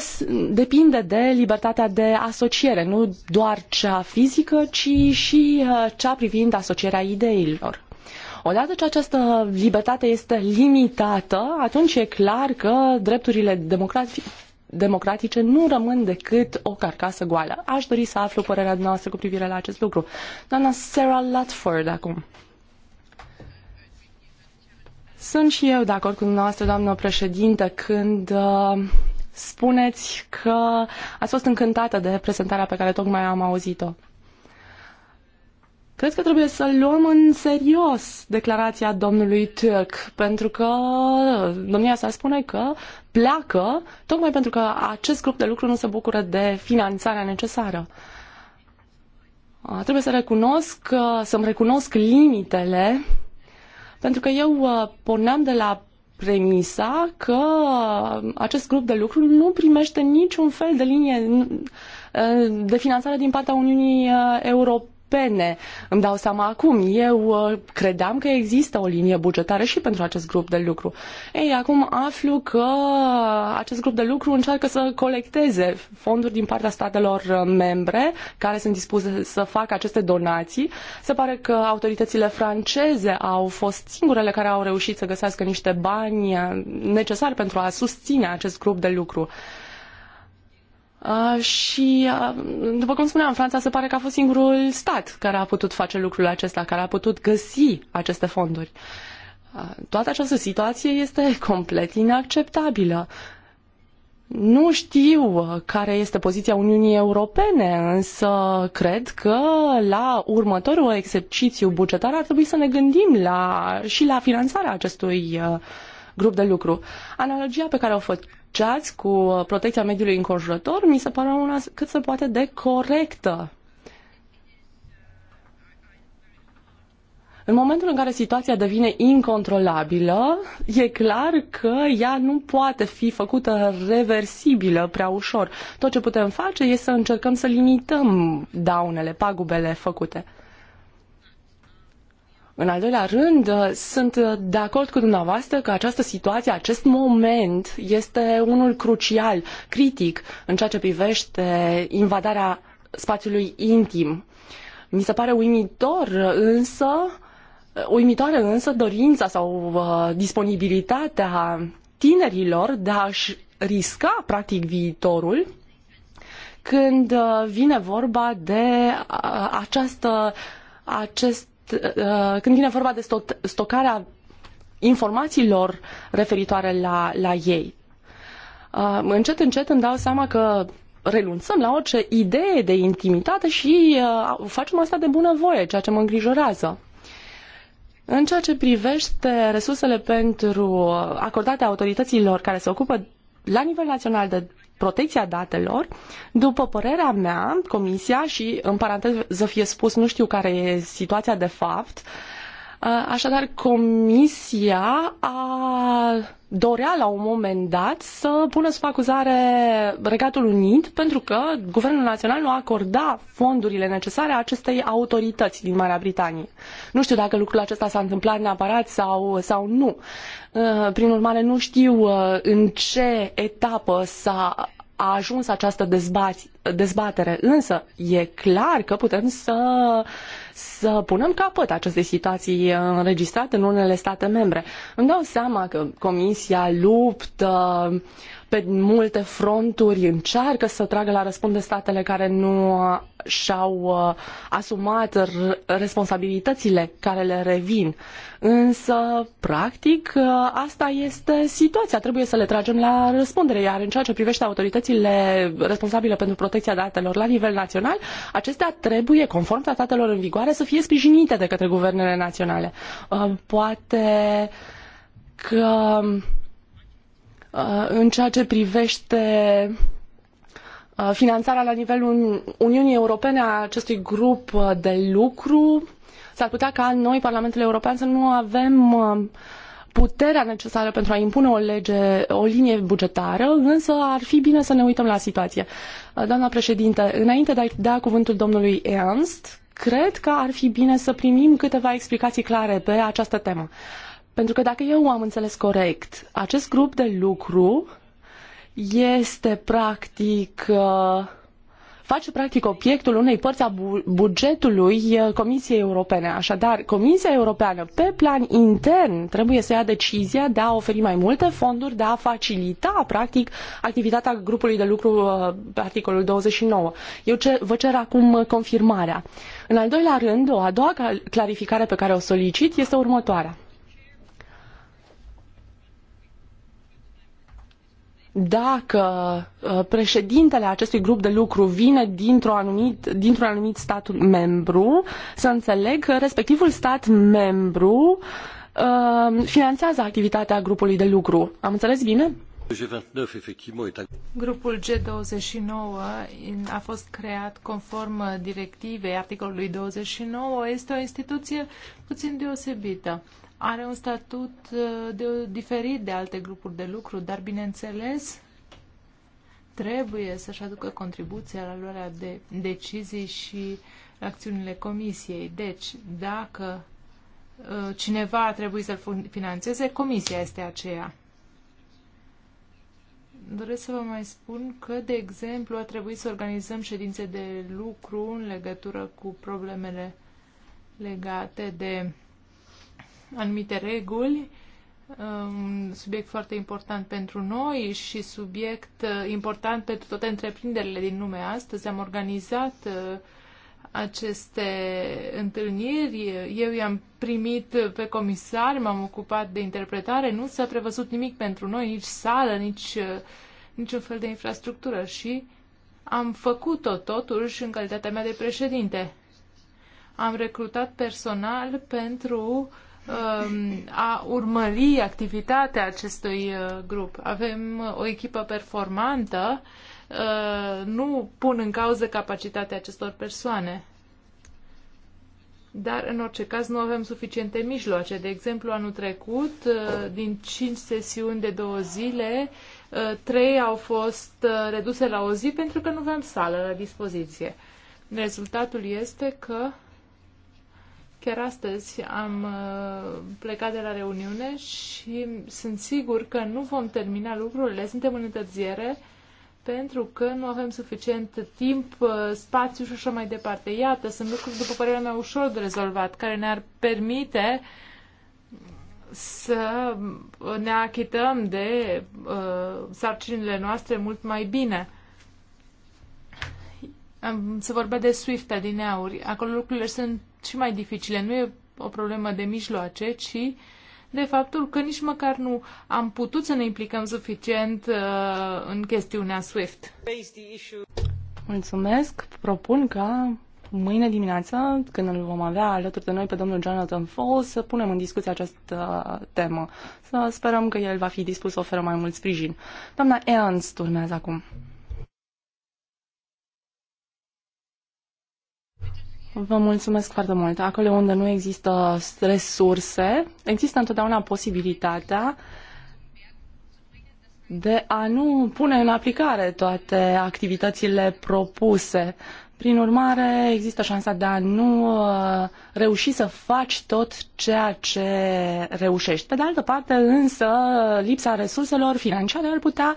depinde de libertatea de asociere, nu doar cea fizică, ci și uh, cea privind asocierea ideilor. Odată ce această libertate este limitată, atunci e clar că drepturile democratice democratice nu rămân decât o carcasă goală. Aș dori să aflu părerea noastră cu privire la acest lucru. Doamna Sarah Lutford acum. Sunt și eu de acord cu dumneavoastră, doamnă președinte, când uh, spuneți că ați fost încântată de prezentarea pe care tocmai am auzit-o. Cred că trebuie să luăm în serios declarația domnului Turk, pentru că domnia sa spune că pleacă tocmai pentru că acest grup de lucru nu se bucură de finanțarea necesară. Trebuie să recunosc, să-mi recunosc limitele, pentru că eu porneam de la premisa că acest grup de lucru nu primește niciun fel de linie de finanțare din partea Uniunii Europene Europene. Îmi dau seama acum, eu uh, credeam că există o linie bugetară și pentru acest grup de lucru. Ei, acum aflu că acest grup de lucru încearcă să colecteze fonduri din partea statelor uh, membre care sunt dispuse să facă aceste donații. Se pare că autoritățile franceze au fost singurele care au reușit să găsească niște bani uh, necesari pentru a susține acest grup de lucru. Uh, și, uh, după cum spuneam, Franța se pare că a fost singurul stat care a putut face lucrul acesta, care a putut găsi aceste fonduri. Uh, toată această situație este complet inacceptabilă. Nu știu care este poziția Uniunii Europene, însă cred că la următorul exercițiu bugetar ar trebui să ne gândim la, și la finanțarea acestui grup de lucru. Analogia pe care o, fă, asociați cu uh, protecția mediului înconjurător mi se pare una cât se poate de corectă. În momentul în care situația devine incontrolabilă, e clar că ea nu poate fi făcută reversibilă prea ușor. Tot ce putem face este să încercăm să limităm daunele, pagubele făcute. În al doilea rând, uh, sunt uh, de acord cu dumneavoastră că această situație, acest moment este unul crucial, critic în ceea ce privește invadarea spațiului intim. Mi se pare uimitor uh, însă, uimitoare însă dorința sau disponibilitatea tinerilor de a-și risca practic viitorul când vine vorba de această acest Uh, când vine vorba de stocarea informațiilor referitoare la, la ei. Uh, încet, încet îmi dau seama că renunțăm la orice idee de intimitate și uh, facem asta de bunăvoie, ceea ce mă îngrijorează. În ceea ce privește resursele pentru acordate autorităților care se ocupă la nivel național de protecția datelor, după părerea mea, Comisia și, în paranteză fie spus, nu știu care e situația de fapt, uh, Uh, așadar, Comisia a dorea la un moment dat să pună sub acuzare Regatul Unit pentru că Guvernul Național nu acorda fondurile necesare acestei autorități din Marea Britanie. Nu știu dacă lucrul acesta s-a întâmplat neapărat sau, sau nu. Uh, prin urmare, nu știu uh, în ce etapă s-a a ajuns această dezbatere, însă e clar că putem să uh, să punem capăt acestei situații uh, înregistrate în unele state membre. Îmi dau seama că Comisia luptă pe multe fronturi, încearcă să tragă la răspunde statele care nu uh, și-au uh, asumat responsabilitățile care le revin. Însă, practic, uh, asta este situația. Trebuie să le tragem la răspundere. Iar în ceea ce privește autoritățile responsabile pentru protecția datelor la nivel național, acestea trebuie, conform tratatelor în vigoare, să fie sprijinite de către guvernele naționale. Poate că Uh, în ceea ce privește uh, finanțarea la nivelul Uniunii Europene a acestui grup uh, de lucru, s-ar putea ca noi, Parlamentul European, să nu avem puterea necesară pentru a impune o lege, o linie bugetară, însă ar fi bine să ne uităm la situație. Doamna președinte, înainte de a da cuvântul domnului Ernst, cred că ar fi bine să primim câteva explicații clare pe această temă. Pentru că dacă eu am înțeles corect, acest grup de lucru este practic uh, face practic obiectul unei părți a bugetului uh, Comisiei Europene. Așadar, Comisia Europeană pe plan intern trebuie să ia decizia de a oferi mai multe fonduri, de a facilita practic activitatea grupului de lucru uh, pe articolul 29. Eu ce, vă cer acum confirmarea. În al doilea rând, o a doua clarificare pe care o solicit este următoarea. dacă uh, președintele acestui grup de lucru vine dintr-un anumit, dintr anumit stat membru, să înțeleg că respectivul stat membru uh, finanțează activitatea grupului de lucru. Am înțeles bine? Grupul G29 a fost creat conform directivei articolului 29. Este o instituție puțin deosebită are un statut uh, de, diferit de alte grupuri de lucru, dar, bineînțeles, trebuie să-și aducă contribuția la luarea de decizii și acțiunile comisiei. Deci, dacă uh, cineva ar trebui să-l financeze, comisia este aceea. Doresc să vă mai spun că, de exemplu, a trebuit să organizăm ședințe de lucru în legătură cu problemele legate de anumite reguli, um, un subiect foarte important pentru noi și subiect uh, important pentru toate întreprinderile din lume astăzi. Am organizat uh, aceste întâlniri. Eu i-am primit pe comisar, m-am ocupat de interpretare. Nu s-a prevăzut nimic pentru noi, nici sală, nici uh, niciun fel de infrastructură și am făcut-o totuși în calitatea mea de președinte. Am recrutat personal pentru uh, Um, a urmări activitatea acestui uh, grup. Avem o echipă performantă, uh, nu pun în cauză capacitatea acestor persoane. Dar, în orice caz, nu avem suficiente mijloace. De exemplu, anul trecut, uh, din 5 sesiuni de două zile, trei au fost reduse la o zi pentru că nu avem sală la dispoziție. Rezultatul este că Chiar astăzi am uh, plecat de la reuniune și sunt sigur că nu vom termina lucrurile. Suntem în întârziere pentru că nu avem suficient timp, uh, spațiu și așa mai departe. Iată, sunt lucruri, după părerea mea, ușor de rezolvat, care ne-ar permite să ne achităm de uh, sarcinile noastre mult mai bine. Am, se vorbea de Swift adineauri. Acolo lucrurile sunt și mai dificile. Nu e o problemă de mijloace, ci de faptul că nici măcar nu am putut să ne implicăm suficient uh, în chestiunea SWIFT. Mulțumesc. Propun ca mâine dimineață, când îl vom avea alături de noi pe domnul Jonathan Falls, să punem în discuție această temă. Să sperăm că el va fi dispus să oferă mai mult sprijin. Doamna Ernst urmează acum. Vă mulțumesc foarte mult. Acolo unde nu există resurse, există întotdeauna posibilitatea de a nu pune în aplicare toate activitățile propuse. Prin urmare, există șansa de a nu uh, reuși să faci tot ceea ce reușești. Pe de altă parte, însă, lipsa resurselor financiare ar putea uh,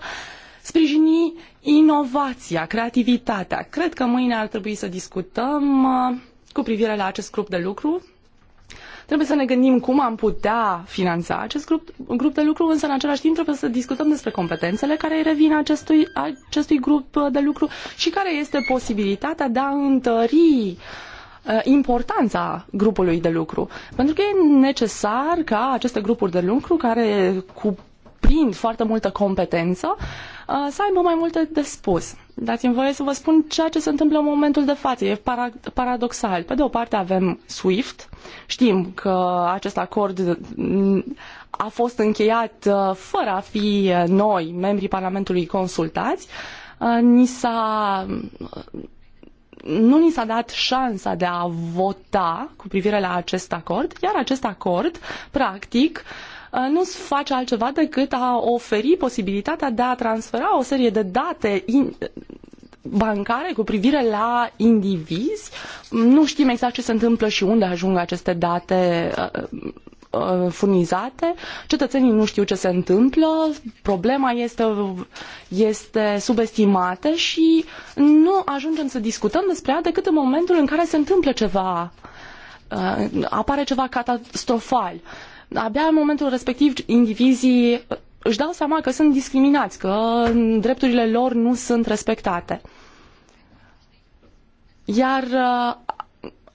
sprijini inovația, creativitatea. Cred că mâine ar trebui să discutăm uh, cu privire la acest grup de lucru. Trebuie să ne gândim cum am putea finanța acest grup, grup de lucru, însă în același timp trebuie să discutăm despre competențele care îi revin acestui, acestui grup uh, de lucru și care este posibilitatea de a întări uh, importanța grupului de lucru. Pentru că e necesar ca aceste grupuri de lucru care cu cuprind foarte multă competență, uh, să aibă mai multe de spus. Dați-mi voie să vă spun ceea ce se întâmplă în momentul de față. E paradoxal. Pe de o parte avem SWIFT. Știm că acest acord a fost încheiat uh, fără a fi uh, noi, membrii Parlamentului, consultați. Ni s-a nu ni s-a dat șansa de a vota cu privire la acest acord, iar acest acord, practic, uh, Uh, nu face altceva decât a oferi posibilitatea de a transfera o serie de date in bancare cu privire la indivizi. Nu știm exact ce se întâmplă și unde ajung aceste date uh, uh, furnizate, cetățenii nu știu ce se întâmplă, problema este, este subestimată și nu ajungem să discutăm despre ea decât în momentul în care se întâmplă ceva, apare ceva catastrofal abia în momentul respectiv indivizii uh, își dau seama că sunt discriminați, că drepturile lor nu sunt respectate. Iar uh,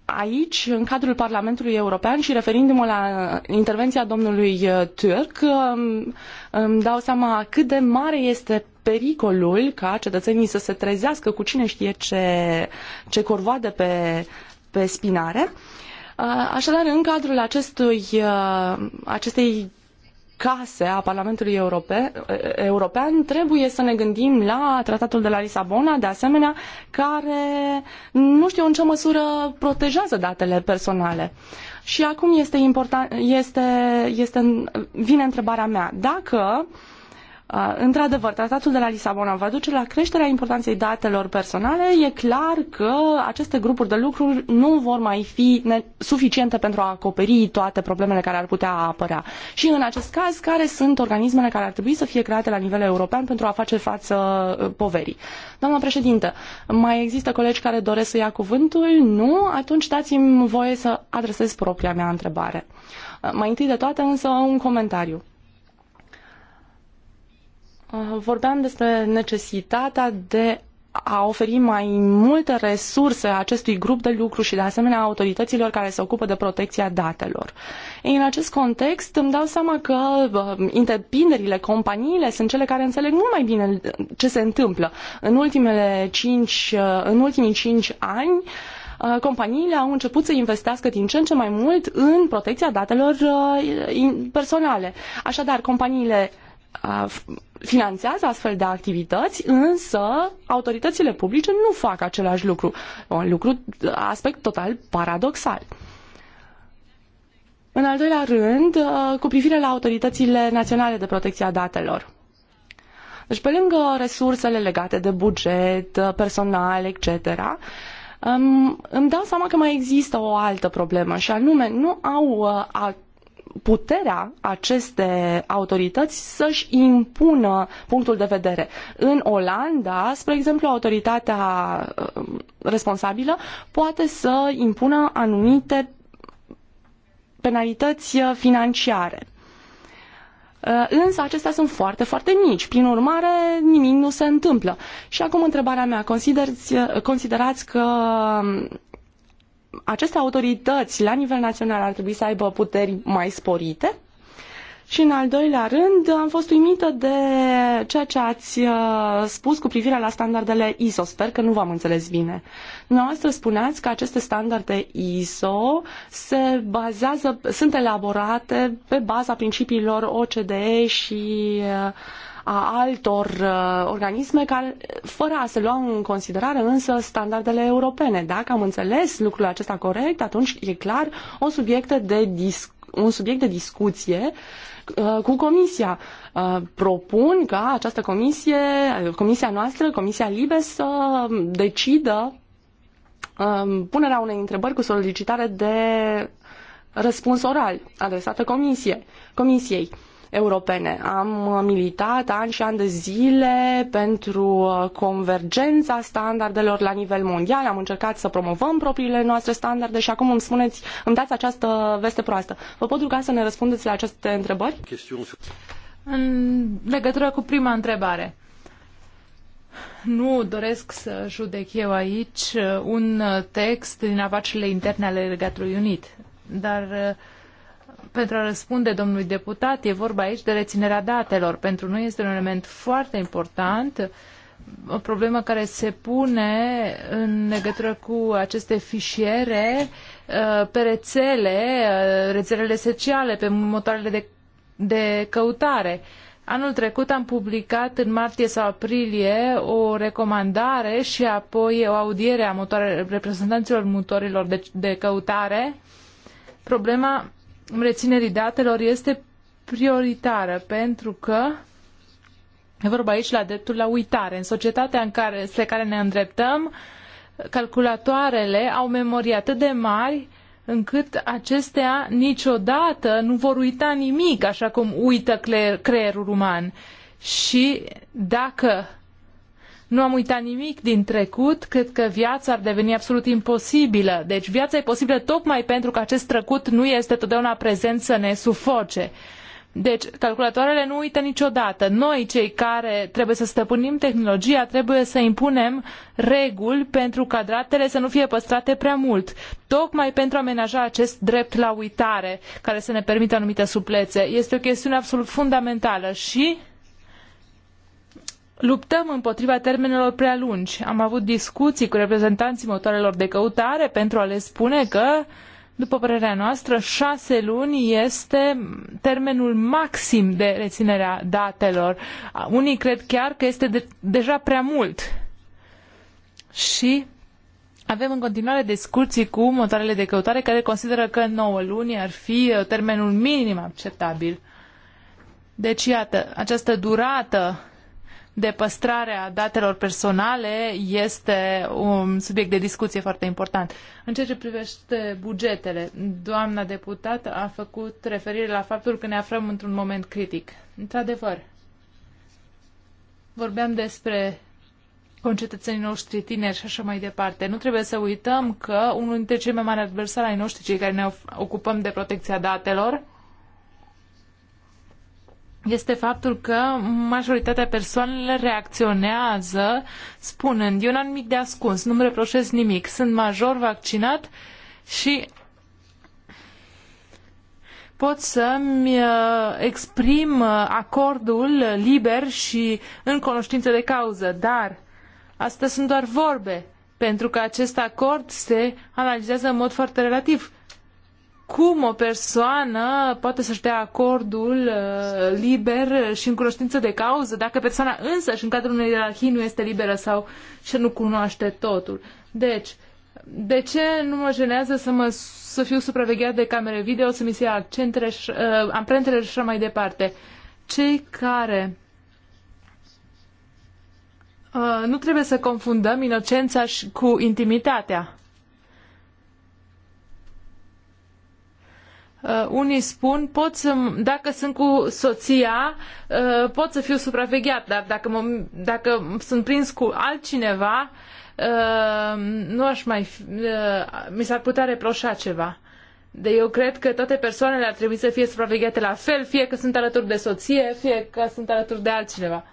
aici, în cadrul Parlamentului European și referindu-mă la intervenția domnului uh, Turk, um, îmi dau seama cât de mare este pericolul ca cetățenii să se trezească cu cine știe ce, ce corvoade pe, pe spinare Așadar, în cadrul acestui, acestei case a Parlamentului Europe, European, trebuie să ne gândim la tratatul de la Lisabona, de asemenea, care nu știu în ce măsură protejează datele personale. Și acum este important, este, este, vine întrebarea mea. Dacă uh, Într-adevăr, tratatul de la Lisabona va duce la creșterea importanței datelor personale. E clar că aceste grupuri de lucruri nu vor mai fi suficiente pentru a acoperi toate problemele care ar putea apărea. Și în acest caz, care sunt organismele care ar trebui să fie create la nivel european pentru a face față uh, poverii? Doamna președintă, mai există colegi care doresc să ia cuvântul? Nu? Atunci dați-mi voie să adresez propria mea întrebare. Uh, mai întâi de toate, însă, un comentariu vorbeam despre necesitatea de a oferi mai multe resurse acestui grup de lucru și de asemenea autorităților care se ocupă de protecția datelor. Ei, în acest context îmi dau seama că uh, întreprinderile, companiile sunt cele care înțeleg mult mai bine ce se întâmplă. În, ultimele cinci, uh, în ultimii cinci ani uh, companiile au început să investească din ce în ce mai mult în protecția datelor personale. Așadar, companiile finanțează astfel de activități, însă autoritățile publice nu fac același lucru. Un lucru, aspect total paradoxal. În al doilea rând, uh, cu privire la autoritățile naționale de protecție a datelor. Deci, pe lângă resursele legate de buget, uh, personal, etc., um, îmi dau seama că mai există o altă problemă și anume nu au uh, puterea aceste autorități să-și impună punctul de vedere. În Olanda, spre exemplu, autoritatea uh, responsabilă poate să impună anumite penalități uh, financiare. Uh, însă acestea sunt foarte, foarte mici. Prin urmare, nimic nu se întâmplă. Și acum întrebarea mea. Considerați, considerați că um, aceste autorități la nivel național ar trebui să aibă puteri mai sporite? Și în al doilea rând, am fost uimită de ceea ce ați uh, spus cu privire la standardele ISO. Sper că nu v-am înțeles bine. Dumneavoastră spuneați că aceste standarde ISO se bazează, sunt elaborate pe baza principiilor OCDE și uh, a altor uh, organisme care, fără a se lua în considerare însă standardele europene. Dacă am înțeles lucrul acesta corect, atunci e clar un subiect de, dis- un subiect de discuție uh, cu Comisia. Uh, propun ca această comisie, comisia noastră, comisia LIBE, să decidă um, punerea unei întrebări cu solicitare de răspuns oral adresată comisie, comisiei europene. Am uh, militat ani și ani de zile pentru uh, convergența standardelor la nivel mondial, am încercat să promovăm propriile noastre standarde și acum îmi spuneți, îmi dați această veste proastă. Vă pot ruga să ne răspundeți la aceste întrebări? În legătură cu prima întrebare. Nu doresc să judec eu aici uh, un text din afacerile interne ale Regatului Unit, dar uh, pentru a răspunde domnului deputat, e vorba aici de reținerea datelor. Pentru noi este un element foarte important, o problemă care se pune în legătură cu aceste fișiere uh, pe rețele, uh, rețelele sociale, pe motoarele de, de căutare. Anul trecut am publicat în martie sau aprilie o recomandare și apoi o audiere a motoare, reprezentanților motorilor de, de căutare. Problema reținerii datelor este prioritară pentru că e vorba aici la dreptul la uitare. În societatea în care, spre care ne îndreptăm, calculatoarele au memorii atât de mari încât acestea niciodată nu vor uita nimic, așa cum uită creierul uman. Și dacă nu am uitat nimic din trecut, cred că viața ar deveni absolut imposibilă. Deci viața e posibilă tocmai pentru că acest trecut nu este totdeauna prezent să ne sufoce. Deci, calculatoarele nu uită niciodată. Noi, cei care trebuie să stăpânim tehnologia, trebuie să impunem reguli pentru ca datele să nu fie păstrate prea mult, tocmai pentru a menaja acest drept la uitare, care să ne permită anumite suplețe. Este o chestiune absolut fundamentală și luptăm împotriva termenelor prea lungi. Am avut discuții cu reprezentanții motoarelor de căutare pentru a le spune că, după părerea noastră, șase luni este termenul maxim de reținere a datelor. Unii cred chiar că este de deja prea mult. Și avem în continuare discuții cu motoarele de căutare care consideră că 9 luni ar fi uh, termenul minim acceptabil. Deci, iată, această durată de păstrare a datelor personale este un subiect de discuție foarte important. În ceea ce privește bugetele, doamna deputată a făcut referire la faptul că ne aflăm într-un moment critic. Într-adevăr, vorbeam despre concetățenii noștri tineri și așa mai departe. Nu trebuie să uităm că unul dintre cei mai mari adversari ai noștri, cei care ne ocupăm de protecția datelor, este faptul că majoritatea persoanelor reacționează spunând, eu n-am nimic de ascuns, nu-mi reproșez nimic, sunt major vaccinat și pot să-mi uh, exprim uh, acordul liber și în cunoștință de cauză, dar astea sunt doar vorbe, pentru că acest acord se analizează în mod foarte relativ cum o persoană poate să-și dea acordul uh, liber și în cunoștință de cauză, dacă persoana însă și în cadrul unei ierarhii nu este liberă sau și nu cunoaște totul. Deci, de ce nu mă jenează să, mă, să fiu supravegheat de camere video, să mi se ia accentele, uh, amprentele și așa mai departe? Cei care uh, nu trebuie să confundăm inocența și cu intimitatea. Uh, unii spun, pot să, dacă sunt cu soția, uh, pot să fiu supravegheat, dar dacă, mă, dacă sunt prins cu altcineva, uh, nu aș mai fi, uh, mi s-ar putea reproșa ceva. De eu cred că toate persoanele ar trebui să fie supravegheate la fel, fie că sunt alături de soție, fie că sunt alături de altcineva.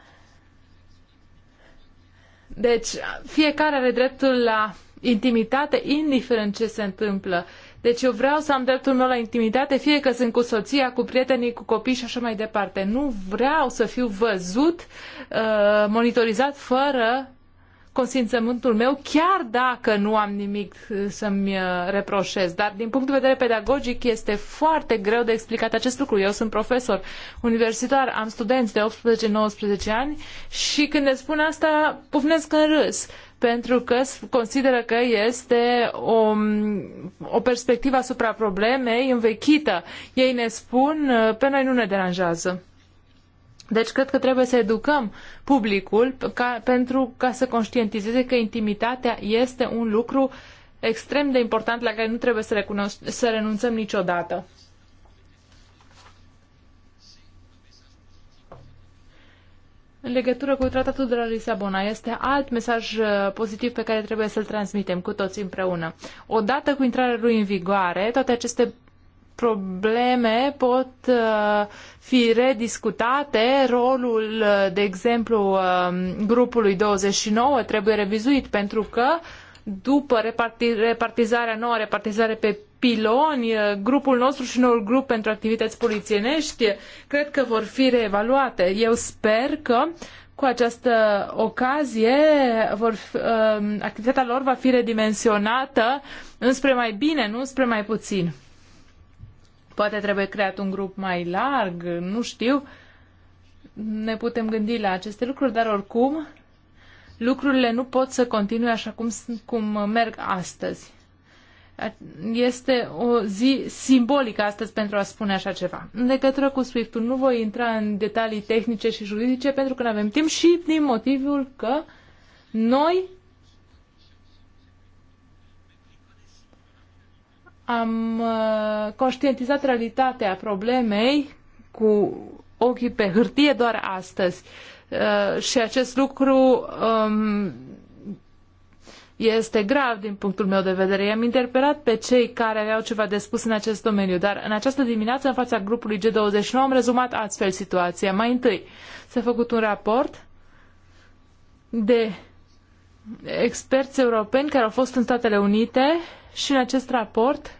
Deci, fiecare are dreptul la intimitate, indiferent ce se întâmplă. Uh, deci eu vreau să am dreptul meu la intimitate, fie că sunt cu soția, cu prietenii, cu copii și așa mai departe. Nu vreau să fiu văzut, uh, monitorizat fără consimțământul meu, chiar dacă nu am nimic uh, să-mi uh, reproșez. Dar din punct de vedere pedagogic este foarte greu de explicat acest lucru. Eu sunt profesor universitar, am studenți de 18-19 ani și când ne spun asta, pufnesc în râs pentru că consideră că este o, o perspectivă asupra problemei învechită. Ei ne spun, pe noi nu ne deranjează. Deci cred că trebuie să educăm publicul ca, pentru ca să conștientizeze că intimitatea este un lucru extrem de important la care nu trebuie să, să renunțăm niciodată. în legătură cu tratatul de la Lisabona. Este alt mesaj uh, pozitiv pe care trebuie să-l transmitem cu toți împreună. Odată cu intrarea lui în vigoare, toate aceste probleme pot uh, fi rediscutate. Rolul, uh, de exemplu, um, grupului 29 trebuie revizuit pentru că după repartizarea, noua repartizare pe piloni, grupul nostru și noul grup pentru activități polițienești, cred că vor fi reevaluate. Eu sper că cu această ocazie vor, activitatea lor va fi redimensionată înspre mai bine, nu înspre mai puțin. Poate trebuie creat un grup mai larg, nu știu. Ne putem gândi la aceste lucruri, dar oricum lucrurile nu pot să continue așa cum, cum merg astăzi. Este o zi simbolică astăzi pentru a spune așa ceva. În legătură cu swift nu voi intra în detalii tehnice și juridice pentru că nu avem timp și din motivul că noi am uh, conștientizat realitatea problemei cu ochii pe hârtie doar astăzi. Uh, și acest lucru um, este grav din punctul meu de vedere. I-am interpelat pe cei care aveau ceva de spus în acest domeniu, dar în această dimineață, în fața grupului G29, am rezumat astfel situația. Mai întâi, s-a făcut un raport de experți europeni care au fost în Statele Unite și în acest raport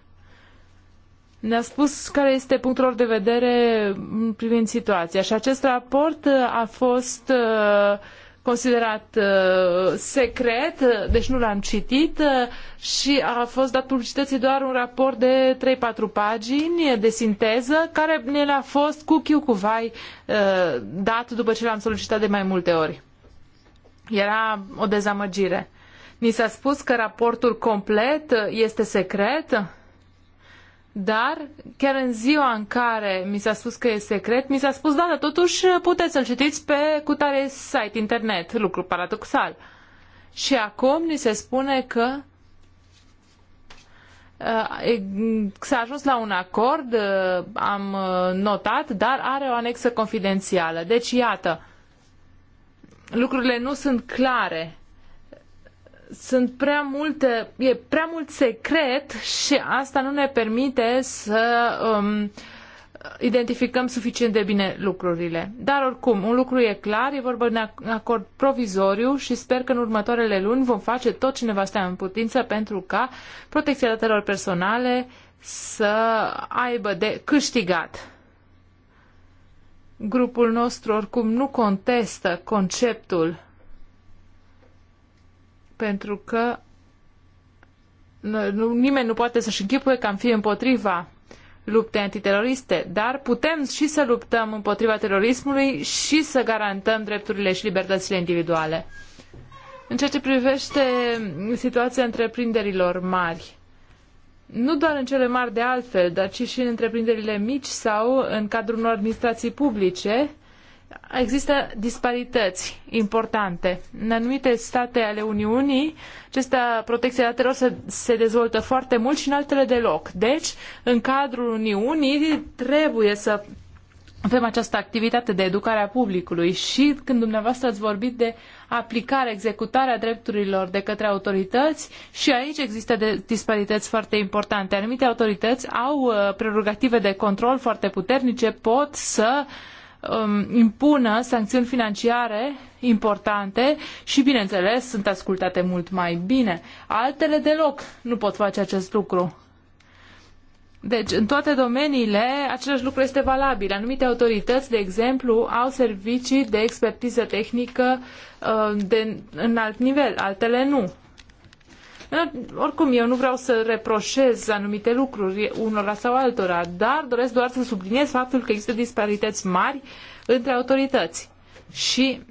ne-a spus care este punctul lor de vedere privind situația și acest raport uh, a fost uh, considerat uh, secret, deci nu l-am citit și a fost dat publicității doar un raport de 3-4 pagini de sinteză care ne l-a fost cu chiu cu vai dat după ce l-am solicitat de mai multe ori. Era o dezamăgire. Ni s-a spus că raportul complet este secret? Dar chiar în ziua în care mi s-a spus că e secret, mi s-a spus, da, dar totuși uh, puteți să-l citiți pe cutare site internet, lucru paradoxal. Și acum ni se spune că uh, s-a ajuns la un acord, uh, am notat, dar are o anexă confidențială. Deci, iată, lucrurile nu sunt clare sunt prea multe, e prea mult secret și asta nu ne permite să um, identificăm suficient de bine lucrurile. Dar oricum, un lucru e clar, e vorba de un acord provizoriu și sper că în următoarele luni vom face tot ce ne va sta în putință pentru ca protecția datelor personale să aibă de câștigat. Grupul nostru oricum nu contestă conceptul pentru că nu, nimeni nu poate să-și închipuie că am fi împotriva luptei antiteroriste, dar putem și să luptăm împotriva terorismului și să garantăm drepturile și libertățile individuale. În ceea ce privește situația întreprinderilor mari, nu doar în cele mari de altfel, dar și, și în întreprinderile mici sau în cadrul unor administrații publice, uh, există disparități importante. În anumite state ale Uniunii, acesta protecția datelor se, se dezvoltă foarte mult și în altele deloc. Deci, în cadrul Uniunii trebuie să avem această activitate de educare a publicului și când dumneavoastră ați vorbit de aplicare, executarea drepturilor de către autorități și aici există de disparități foarte importante. Anumite autorități au uh, prerogative de control foarte puternice, pot să uh, um, impună sancțiuni financiare importante și, bineînțeles, sunt ascultate mult mai bine. Altele deloc nu pot face acest lucru. Deci, în toate domeniile, același lucru este valabil. Anumite autorități, de exemplu, au servicii de expertiză tehnică uh, de, în alt nivel, altele nu. Oricum, eu nu vreau să reproșez anumite lucruri unora sau altora, dar doresc doar să subliniez faptul că există disparități mari între autorități. Și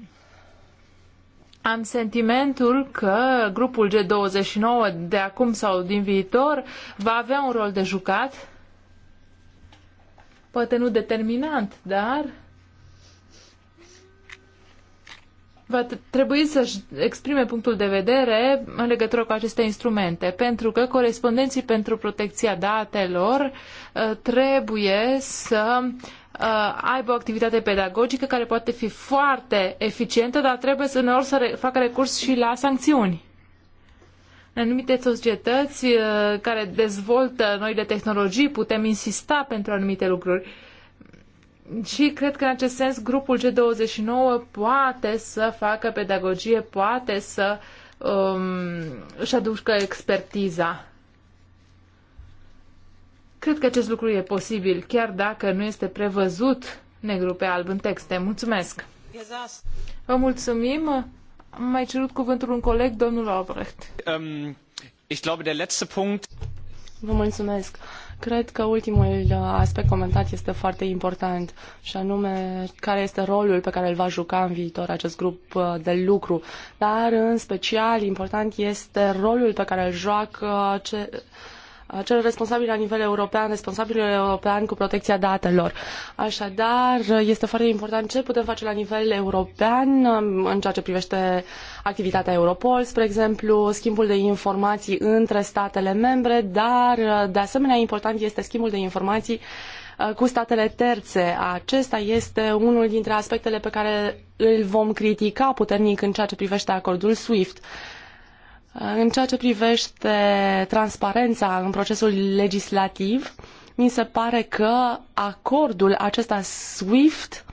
am sentimentul că grupul G29 de acum sau din viitor va avea un rol de jucat, poate nu determinant, dar va trebui să-și exprime punctul de vedere în legătură cu aceste instrumente, pentru că corespondenții pentru protecția datelor uh, trebuie să uh, aibă o activitate pedagogică care poate fi foarte eficientă, dar trebuie să uneori să facă recurs și la sancțiuni. În anumite societăți uh, care dezvoltă noile tehnologii putem insista pentru anumite lucruri și cred că în acest sens grupul G29 poate să facă pedagogie, poate să um, își aducă expertiza. Cred că acest lucru e posibil, chiar dacă nu este prevăzut negru pe alb în texte. Mulțumesc! Vă mulțumim! Am mai cerut cuvântul un coleg, domnul Albrecht. Um, ich glaube, der letzte punct... Vă mulțumesc! Cred că ultimul uh, aspect comentat este foarte important și anume care este rolul pe care îl va juca în viitor acest grup uh, de lucru. Dar în special important este rolul pe care îl joacă ce, cel responsabil la nivel european, responsabilul european cu protecția datelor. Așadar, este foarte important ce putem face la nivel european um, în ceea ce privește activitatea Europol, spre exemplu, schimbul de informații între statele membre, dar uh, de asemenea important este schimbul de informații uh, cu statele terțe. Acesta este unul dintre aspectele pe care îl vom critica puternic în ceea ce privește acordul SWIFT în ceea ce privește transparența în procesul legislativ, mi se pare că acordul acesta SWIFT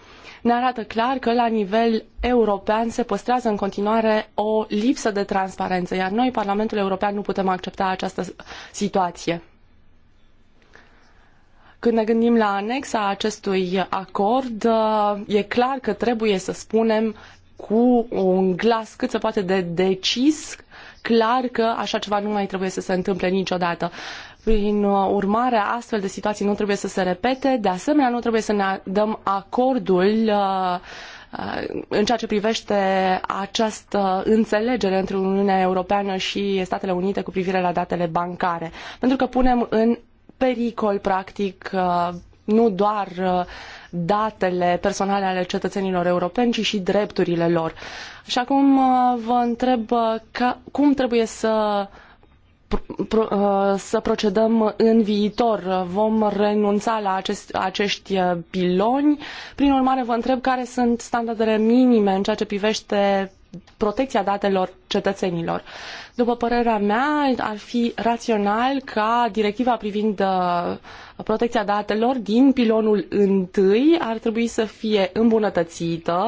ne arată clar că la nivel european se păstrează în continuare o lipsă de transparență, iar noi, Parlamentul European, nu putem accepta această situație. Când ne gândim la anexa acestui acord, e clar că trebuie să spunem cu un glas cât se poate de decis clar că așa ceva nu mai trebuie să se întâmple niciodată. Prin urmare, astfel de situații nu trebuie să se repete. De asemenea, nu trebuie să ne dăm acordul uh, uh, în ceea ce privește această înțelegere între Uniunea Europeană și Statele Unite cu privire la datele bancare. Pentru că punem în pericol, practic, uh, nu doar datele personale ale cetățenilor europeni, ci și drepturile lor. Și acum uh, vă întreb uh, ca, cum trebuie să uh, să procedăm în viitor. Vom renunța la acest, acești piloni. Prin urmare, vă întreb care sunt standardele minime în ceea ce privește protecția datelor cetățenilor. După părerea mea, ar fi rațional ca directiva privind uh, protecția datelor din pilonul întâi ar trebui să fie îmbunătățită,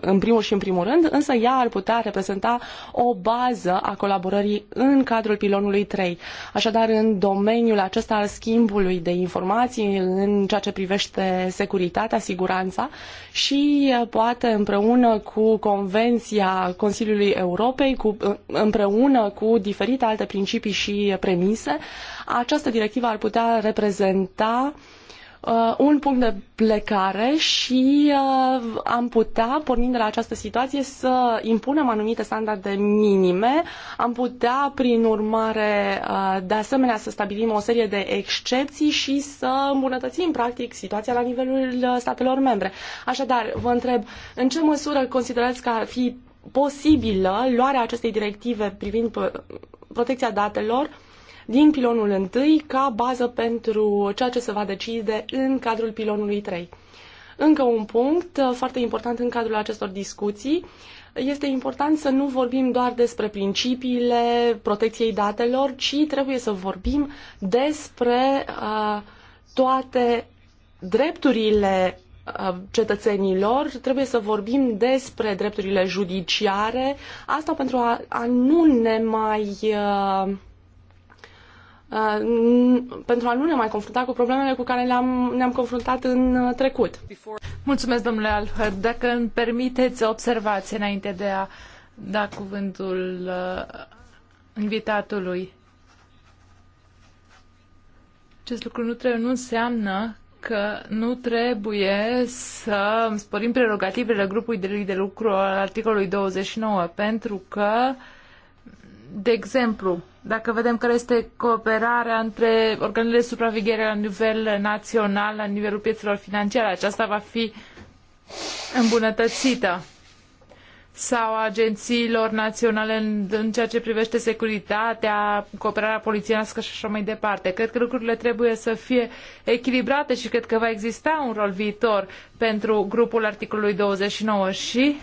în primul și în primul rând, însă ea ar putea reprezenta o bază a colaborării în cadrul pilonului 3. Așadar, în domeniul acesta al schimbului de informații, în ceea ce privește securitatea, siguranța și uh, poate împreună cu Convenția Consiliului Europei, cu, uh, împreună cu diferite alte principii și premise, această directivă ar putea reprezenta uh, un punct de plecare și uh, am putea, pornind de la această situație, să impunem anumite standarde minime. Am putea, prin urmare, uh, de asemenea, să stabilim o serie de excepții și să îmbunătățim, practic, situația la nivelul statelor membre. Așadar, vă întreb, în ce măsură considerați că ar fi posibilă luarea acestei directive privind protecția datelor din pilonul 1 ca bază pentru ceea ce se va decide în cadrul pilonului 3. Încă un punct uh, foarte important în cadrul acestor discuții este important să nu vorbim doar despre principiile protecției datelor, ci trebuie să vorbim despre uh, toate drepturile cetățenilor, trebuie să vorbim despre drepturile judiciare, asta pentru a, a nu ne mai pentru a nu ne mai confrunta cu problemele cu care le-am, ne-am confruntat în trecut. Mulțumesc, domnule Alfred. Dacă îmi permiteți o observație înainte de a da cuvântul invitatului. Acest lucru nu, trebuie, nu înseamnă că nu trebuie să sporim prerogativele grupului de, de lucru al articolului 29, pentru că, de exemplu, dacă vedem care este cooperarea între organele de supraveghere la nivel național, la nivelul piețelor financiare, aceasta va fi îmbunătățită sau a agențiilor naționale în, în ceea ce privește securitatea, cooperarea polițienească și așa mai departe. Cred că lucrurile trebuie să fie echilibrate și cred că va exista un rol viitor pentru grupul articolului 29 și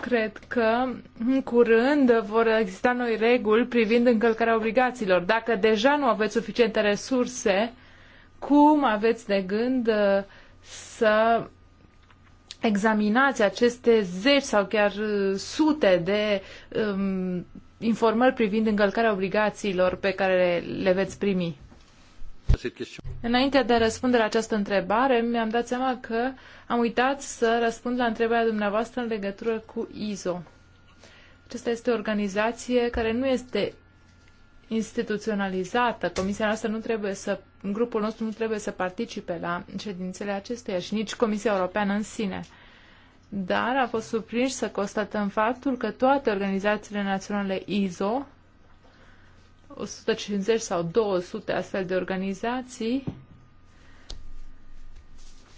cred că în curând vor exista noi reguli privind încălcarea obligațiilor. Dacă deja nu aveți suficiente resurse, cum aveți de gând uh, să examinați aceste zeci sau chiar uh, sute de um, informări privind încălcarea obligațiilor pe care le veți primi? Înainte de a răspunde la această întrebare, mi-am dat seama că am uitat să răspund la întrebarea dumneavoastră în legătură cu ISO. Acesta este o organizație care nu este instituționalizată. Comisia noastră nu trebuie să, grupul nostru nu trebuie să participe la ședințele acesteia și nici Comisia Europeană în sine. Dar a fost surprins să constatăm faptul că toate organizațiile naționale ISO, 150 sau 200 astfel de organizații,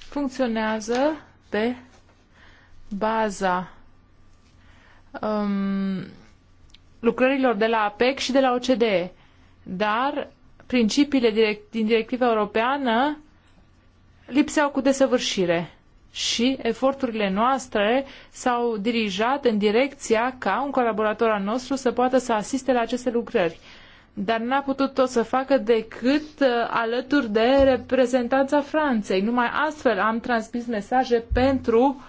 funcționează pe baza um, lucrărilor de la APEC și de la OCDE. Dar principiile direct, din directiva europeană lipseau cu desăvârșire și eforturile noastre s-au dirijat în direcția ca un colaborator al nostru să poată să asiste la aceste lucrări. Dar n-a putut tot să facă decât uh, alături de reprezentanța Franței. Numai astfel am transmis mesaje pentru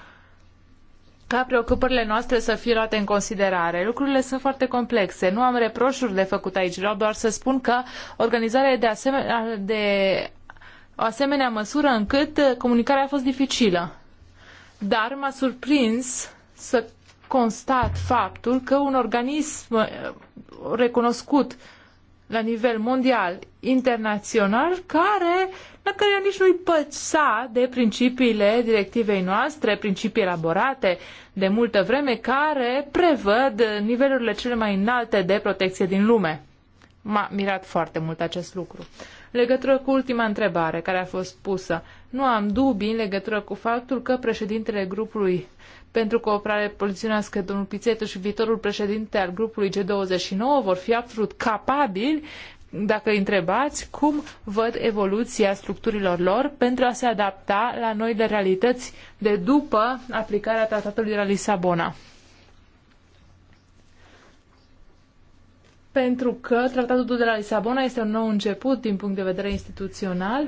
ca preocupările noastre să fie luate în considerare. Lucrurile sunt foarte complexe. Nu am reproșuri de făcut aici, vreau doar să spun că organizarea de, asemenea, de o asemenea măsură încât comunicarea a fost dificilă. Dar m-a surprins să constat faptul că un organism uh, recunoscut la nivel mondial, internațional, care la care nici nu-i păța de principiile directivei noastre, principii elaborate de multă vreme, care prevăd nivelurile cele mai înalte de protecție din lume. M-a mirat foarte mult acest lucru. legătură cu ultima întrebare care a fost pusă, nu am dubii în legătură cu faptul că președintele grupului pentru cooperare poliționească, domnul Pițetu și viitorul președinte al grupului G29 vor fi absolut capabili dacă îi întrebați cum văd evoluția structurilor lor pentru a se adapta la noile realități de după aplicarea tratatului de la Lisabona. Pentru că tratatul de la Lisabona este un nou început din punct de vedere instituțional.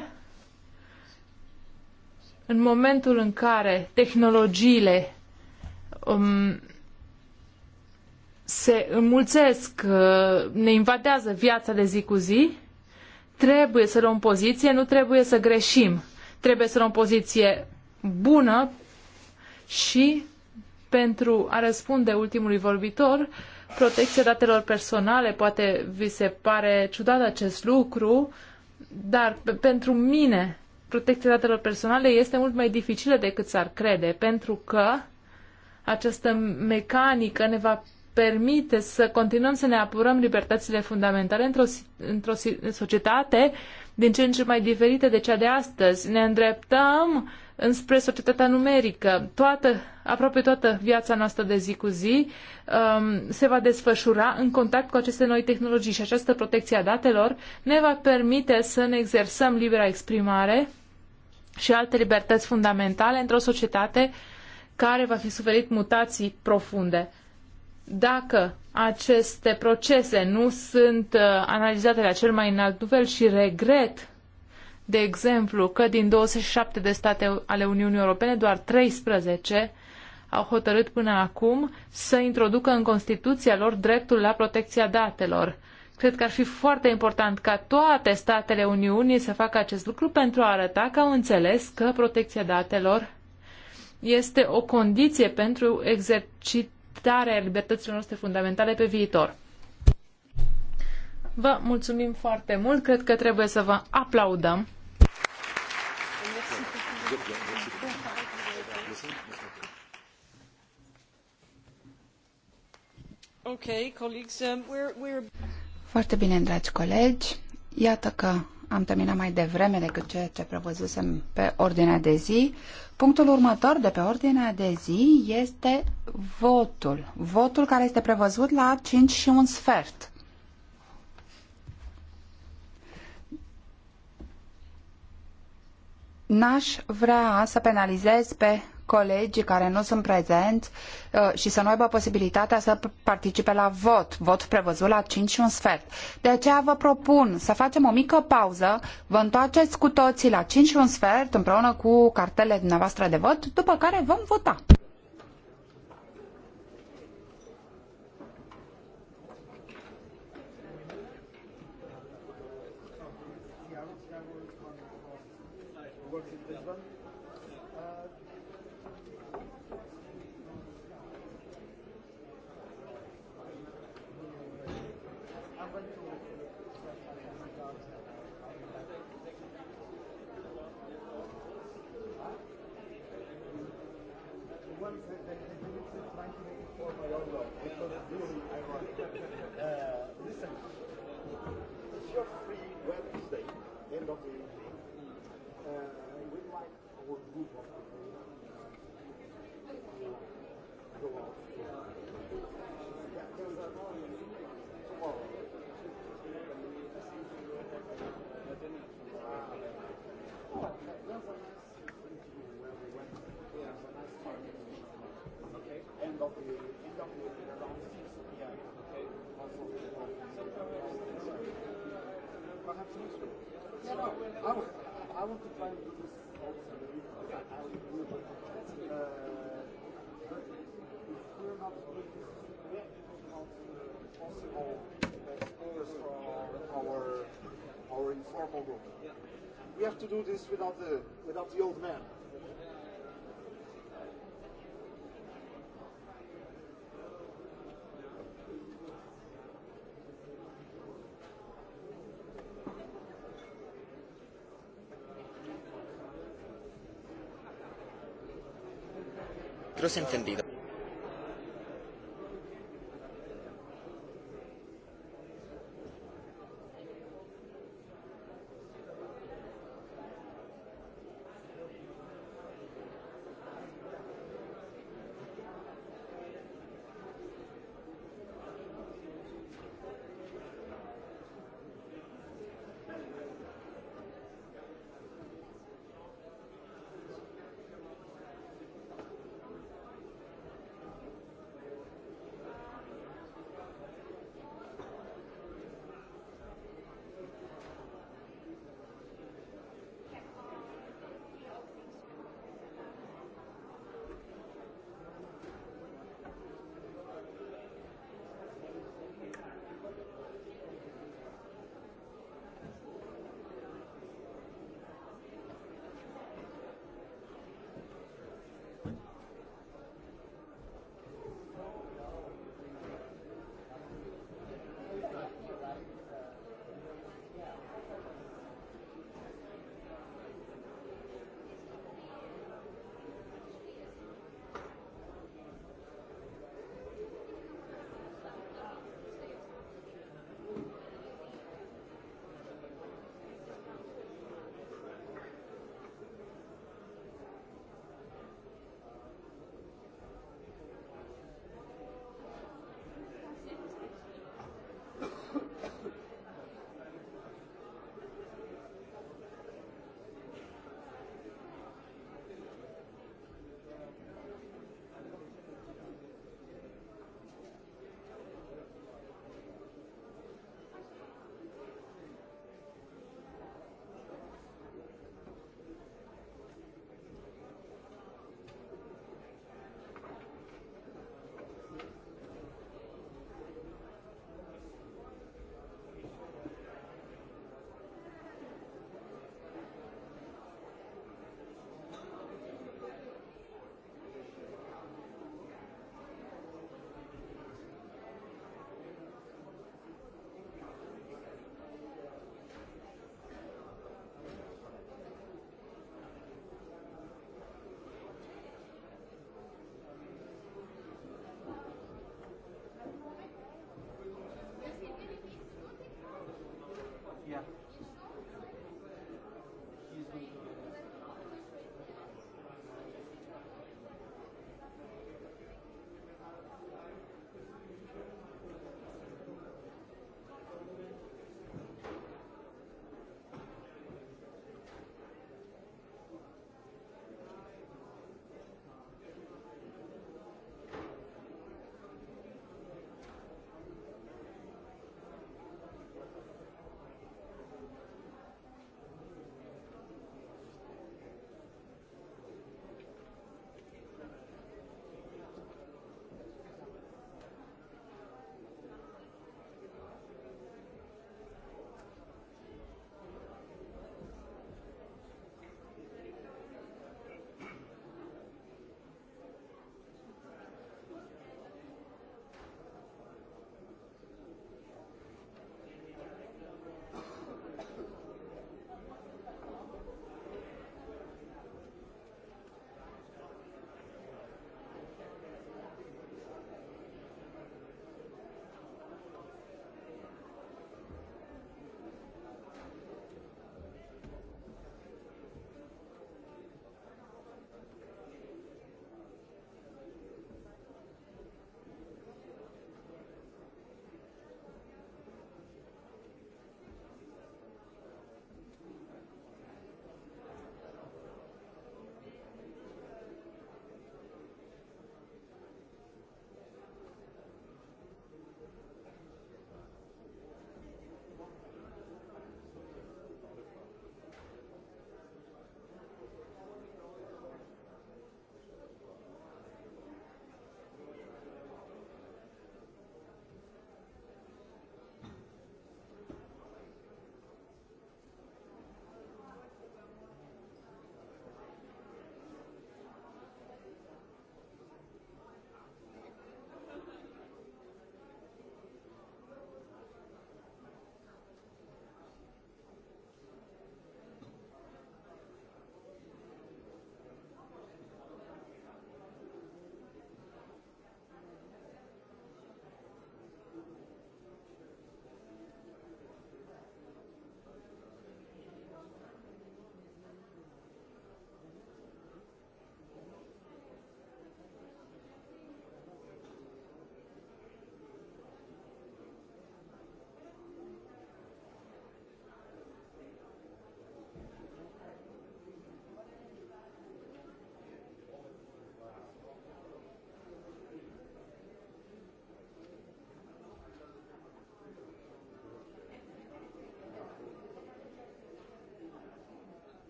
În momentul în care tehnologiile um, se înmulțesc, uh, ne invadează viața de zi cu zi, trebuie să luăm poziție, nu trebuie să greșim. Trebuie să luăm poziție bună și pentru a răspunde ultimului vorbitor, protecția datelor personale, poate vi se pare ciudat acest lucru, dar pentru mine protecția datelor personale este mult mai dificilă decât s-ar crede, pentru că această mecanică ne va permite să continuăm să ne apurăm libertățile fundamentale într-o, într-o societate din ce în ce mai diferită de cea de astăzi. Ne îndreptăm înspre societatea numerică. Toată, aproape toată viața noastră de zi cu zi um, se va desfășura în contact cu aceste noi tehnologii și această protecție a datelor ne va permite să ne exersăm libera exprimare și alte libertăți fundamentale într-o societate care va fi suferit mutații profunde dacă aceste procese nu sunt uh, analizate la cel mai înalt nivel și regret, de exemplu, că din 27 de state ale Uniunii Europene, doar 13 au hotărât până acum să introducă în Constituția lor dreptul la protecția datelor. Cred că ar fi foarte important ca toate statele Uniunii să facă acest lucru pentru a arăta că au înțeles că protecția datelor este o condiție pentru exercit respectare a libertăților noastre fundamentale pe viitor. Vă mulțumim foarte mult, cred că trebuie să vă aplaudăm. Um, foarte bine, dragi colegi, iată că am terminat mai devreme decât ceea ce prevăzusem pe ordinea de zi. Punctul următor de pe ordinea de zi este votul. Votul care este prevăzut la 5 și un sfert. N-aș vrea să penalizez pe colegii care nu sunt prezenți uh, și să nu aibă posibilitatea să participe la vot, vot prevăzut la 5 și un sfert. De aceea vă propun să facem o mică pauză, vă întoarceți cu toții la 5 și un sfert împreună cu cartele dumneavoastră de vot, după care vom vota. the old man. entendido.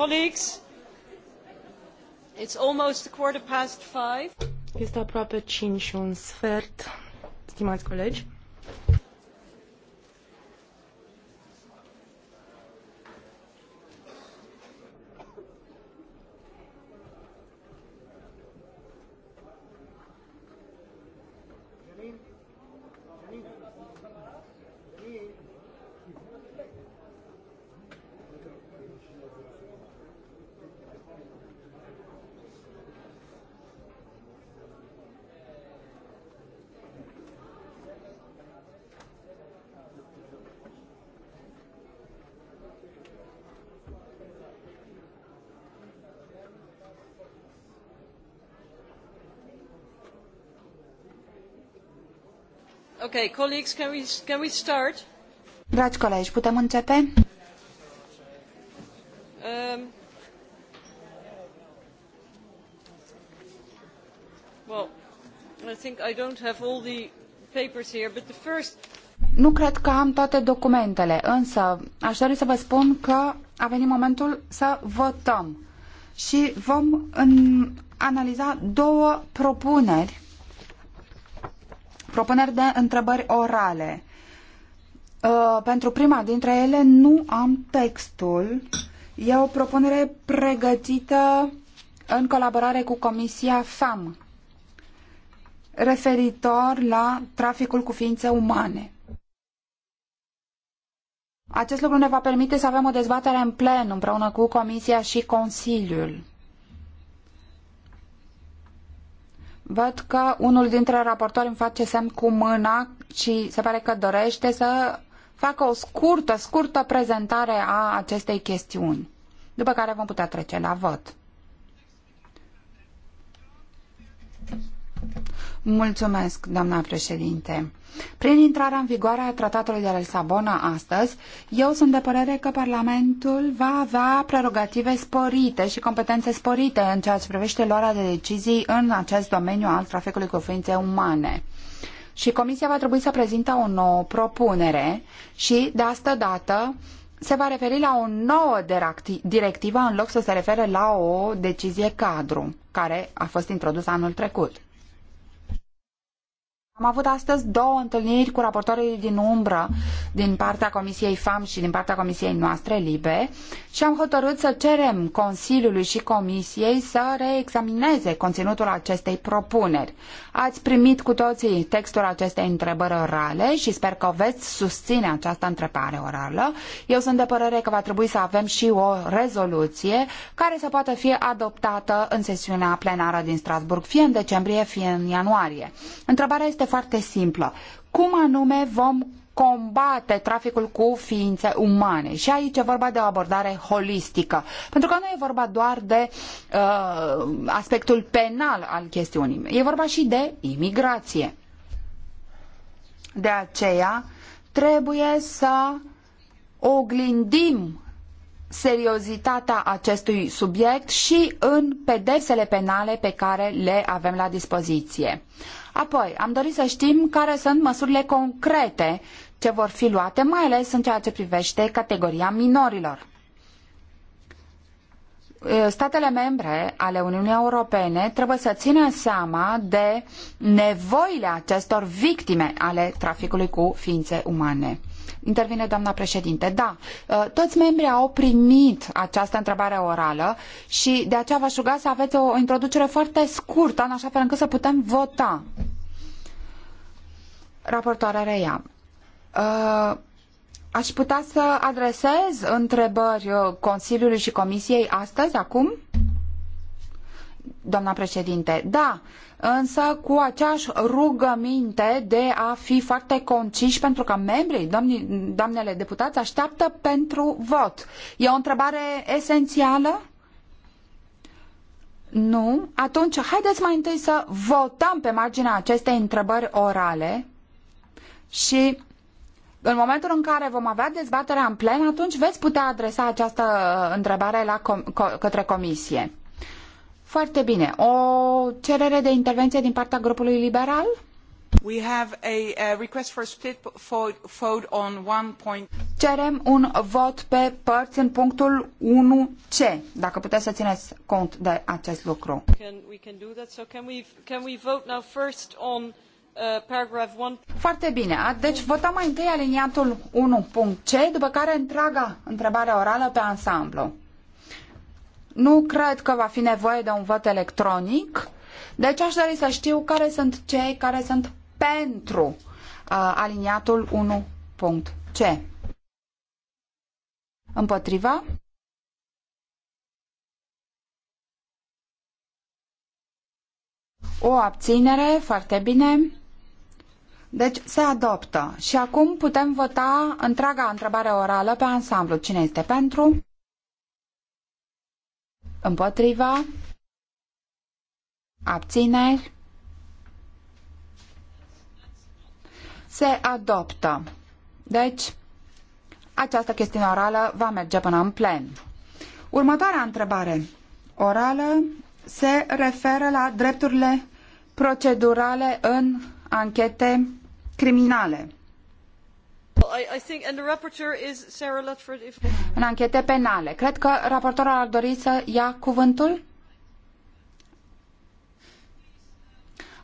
Colleagues, it's almost a quarter past five. Este aproape 5 și un sfert, stimați colegi. Okay, colleagues, can we, can we start? Dragi colegi, putem începe? Um, well, I think I don't have all the papers here, but the first nu cred că am toate documentele, însă aș dori să vă spun că a venit momentul să votăm și vom analiza două propuneri propuneri de întrebări orale. Uh, pentru prima dintre ele nu am textul. E o propunere pregătită în colaborare cu Comisia FAM referitor la traficul cu ființe umane. Acest lucru ne va permite să avem o dezbatere în plen împreună cu Comisia și Consiliul. Văd că unul dintre raportori îmi face semn cu mâna și se pare că dorește să facă o scurtă, scurtă prezentare a acestei chestiuni, după care vom putea trece la vot. Mulțumesc, doamna președinte. Prin intrarea în vigoare a tratatului de la Lisabona astăzi, eu sunt de părere că Parlamentul va avea prerogative sporite și competențe sporite în ceea ce privește luarea de decizii în acest domeniu al traficului cu ființe umane și Comisia va trebui să prezinte o nouă propunere și, de asta dată, se va referi la o nouă directivă în loc să se refere la o decizie cadru, care a fost introdusă anul trecut. Am avut astăzi două întâlniri cu raportorii din umbră din partea Comisiei FAM și din partea Comisiei noastre LIBE și am hotărât să cerem Consiliului și Comisiei să reexamineze conținutul acestei propuneri. Ați primit cu toții textul acestei întrebări orale și sper că veți susține această întrebare orală. Eu sunt de părere că va trebui să avem și o rezoluție care să poată fi adoptată în sesiunea plenară din Strasbourg, fie în decembrie, fie în ianuarie. Întrebarea este foarte simplă. Cum anume vom combate traficul cu ființe umane. Și aici e vorba de o abordare holistică. Pentru că nu e vorba doar de uh, aspectul penal al chestiunii. E vorba și de imigrație. De aceea trebuie să oglindim seriozitatea acestui subiect și în pedepsele penale pe care le avem la dispoziție. Apoi, am dorit să știm care sunt măsurile concrete ce vor fi luate, mai ales în ceea ce privește categoria minorilor. Statele membre ale Uniunii Europene trebuie să țină seama de nevoile acestor victime ale traficului cu ființe umane. Intervine doamna președinte. Da, uh, toți membrii au primit această întrebare orală și de aceea v-aș ruga să aveți o introducere foarte scurtă, în așa fel încât să putem vota. Raportoarea reia. Uh, aș putea să adresez întrebări uh, Consiliului și Comisiei astăzi, acum? doamna președinte. Da, însă cu aceeași rugăminte de a fi foarte conciși pentru că membrii, doamni, doamnele deputați, așteaptă pentru vot. E o întrebare esențială? Nu? Atunci, haideți mai întâi să votăm pe marginea acestei întrebări orale și în momentul în care vom avea dezbaterea în plen, atunci veți putea adresa această uh, întrebare la com către comisie. Foarte bine. O cerere de intervenție din partea grupului liberal? We have a, request for split vote on one point. Cerem un vot pe părți în punctul 1C, dacă puteți să țineți cont de acest lucru. Can, we can do that. So can we, can we vote now first on uh, paragraph 1? Foarte bine. Deci votăm mai întâi aliniatul 1.c, după care întreaga întrebare orală pe ansamblu. Nu cred că va fi nevoie de un vot electronic, deci aș dori să știu care sunt cei care sunt pentru uh, aliniatul 1.c. Împotriva? O abținere, foarte bine. Deci se adoptă. Și acum putem vota întreaga întrebare orală pe ansamblu. Cine este pentru? Împotriva? Abțineri? Se adoptă. Deci, această chestiune orală va merge până în plen. Următoarea întrebare orală se referă la drepturile procedurale în anchete criminale. În anchete penale. Cred că raportorul ar dori să ia cuvântul?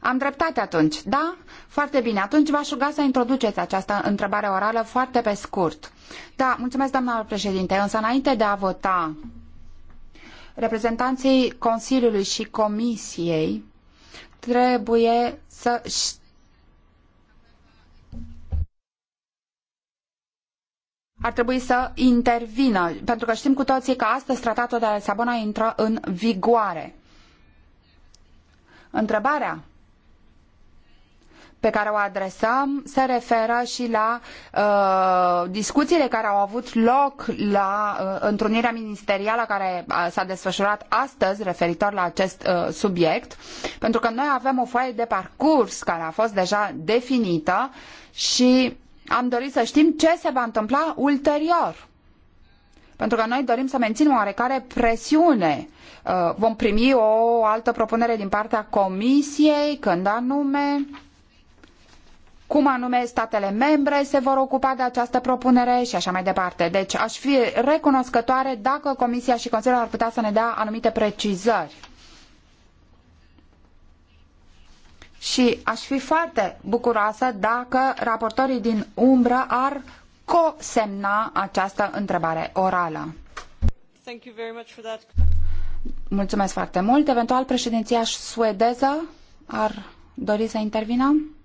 Am dreptate atunci, da? Foarte bine, atunci v-aș ruga să introduceți această întrebare orală foarte pe scurt. Da, mulțumesc, doamna președinte, însă înainte de a vota, reprezentanții Consiliului și Comisiei trebuie să știe ar trebui să intervină, pentru că știm cu toții că astăzi tratatul de la Lisabona intră în vigoare. Întrebarea pe care o adresăm se referă și la uh, discuțiile care au avut loc la uh, întrunirea ministerială care uh, s-a desfășurat astăzi referitor la acest uh, subiect, pentru că noi avem o foaie de parcurs care a fost deja definită și am dorit să știm ce se va întâmpla ulterior. Pentru că noi dorim să menținem oarecare presiune. Uh, vom primi o altă propunere din partea Comisiei, când anume, cum anume statele membre se vor ocupa de această propunere și așa mai departe. Deci aș fi recunoscătoare dacă Comisia și Consiliul ar putea să ne dea anumite precizări. Și aș fi foarte bucuroasă dacă raportorii din umbră ar cosemna această întrebare orală. Mulțumesc foarte mult. Eventual președinția suedeză ar dori să intervină?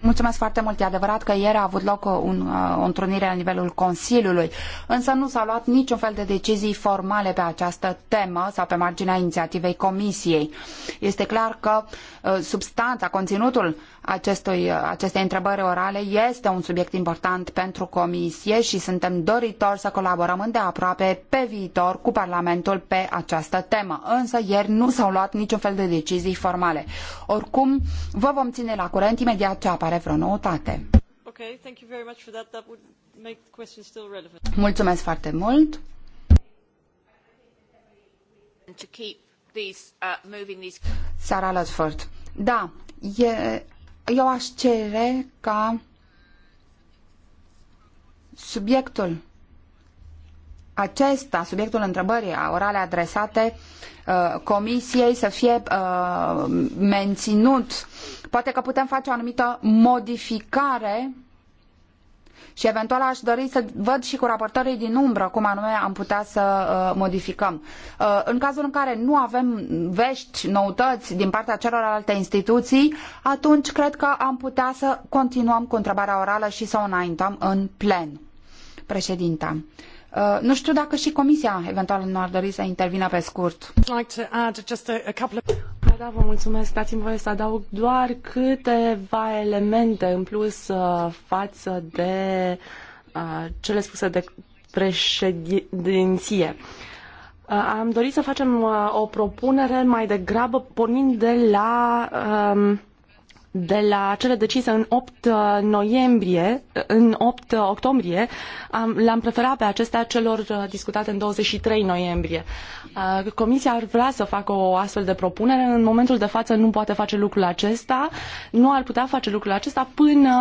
Mulțumesc foarte mult. E adevărat că ieri a avut loc un, uh, o întrunire la nivelul Consiliului, însă nu s-a luat niciun fel de decizii formale pe această temă sau pe marginea inițiativei Comisiei. Este clar că uh, substanța, conținutul acestui, uh, acestei întrebări orale este un subiect important pentru Comisie și suntem doritori să colaborăm îndeaproape pe viitor cu Parlamentul pe această temă. Însă ieri nu s-au luat niciun fel de decizii formale. Oricum, Vă vom ține la curent imediat ce apare vreo noutate. Okay, thank you very much for that. That would make the question still relevant. Mulțumesc foarte mult. To keep these, uh, moving these... Sara Lutford. Da, e, eu aș cere ca subiectul acesta, subiectul întrebării orale adresate uh, comisiei să fie uh, menținut. Poate că putem face o anumită modificare și eventual aș dori să văd și cu raportorii din umbră cum anume am putea să uh, modificăm. Uh, în cazul în care nu avem vești, noutăți din partea celorlalte instituții, atunci cred că am putea să continuăm cu întrebarea orală și să o înaintăm în plen. Președinta. Uh, Uh, nu știu dacă și Comisia eventual nu ar dori să intervină pe scurt. Da, da, vă mulțumesc. Dați-mi voie să adaug doar câteva elemente în plus uh, față de uh, cele spuse de președinție. Am dorit să facem o propunere mai degrabă pornind de la um, de la cele decise în 8 uh, noiembrie, în 8 octombrie, le-am preferat pe acestea celor uh, discutate în 23 noiembrie. Uh, comisia ar vrea să facă o astfel de propunere, în momentul de față nu poate face lucrul acesta, nu ar putea face lucrul acesta până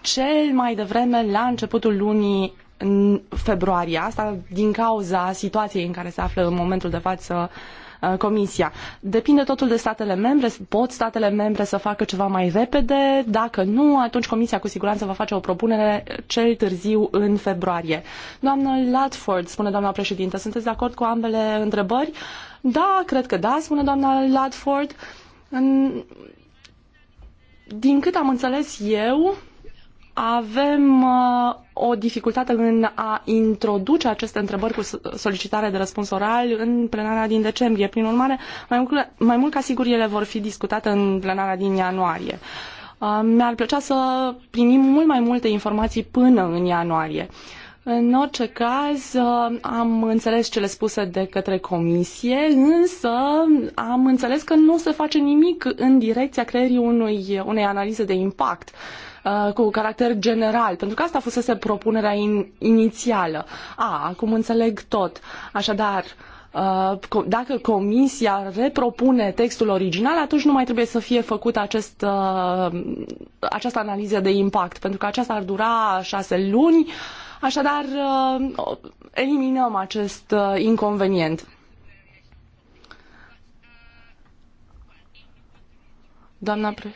cel mai devreme la începutul lunii în februarie. Asta din cauza situației în care se află în momentul de față uh, Uh, comisia. Depinde totul de statele membre. Pot statele membre să facă ceva mai repede? Dacă nu, atunci Comisia cu siguranță va face o propunere cel târziu în februarie. Doamnă Latford, spune doamna președinte, sunteți de acord cu ambele întrebări? Da, cred că da, spune doamna Latford. Din cât am înțeles eu, avem uh, o dificultate în a introduce aceste întrebări cu solicitare de răspuns oral în plenarea din decembrie. Prin urmare, mai mult, mai mult ca sigur ele vor fi discutate în plenarea din ianuarie. Uh, mi-ar plăcea să primim mult mai multe informații până în ianuarie. În orice caz, uh, am înțeles cele spuse de către comisie, însă am înțeles că nu se face nimic în direcția creierii unui, unei analize de impact. Uh, Uh, cu caracter general, pentru că asta fusese propunerea in, inițială. A, acum înțeleg tot. Așadar, uh, dacă comisia repropune textul original, atunci nu mai trebuie să fie făcută acest, uh, această analiză de impact, pentru că aceasta ar dura șase luni, așadar eliminăm acest inconvenient. Doamna pre...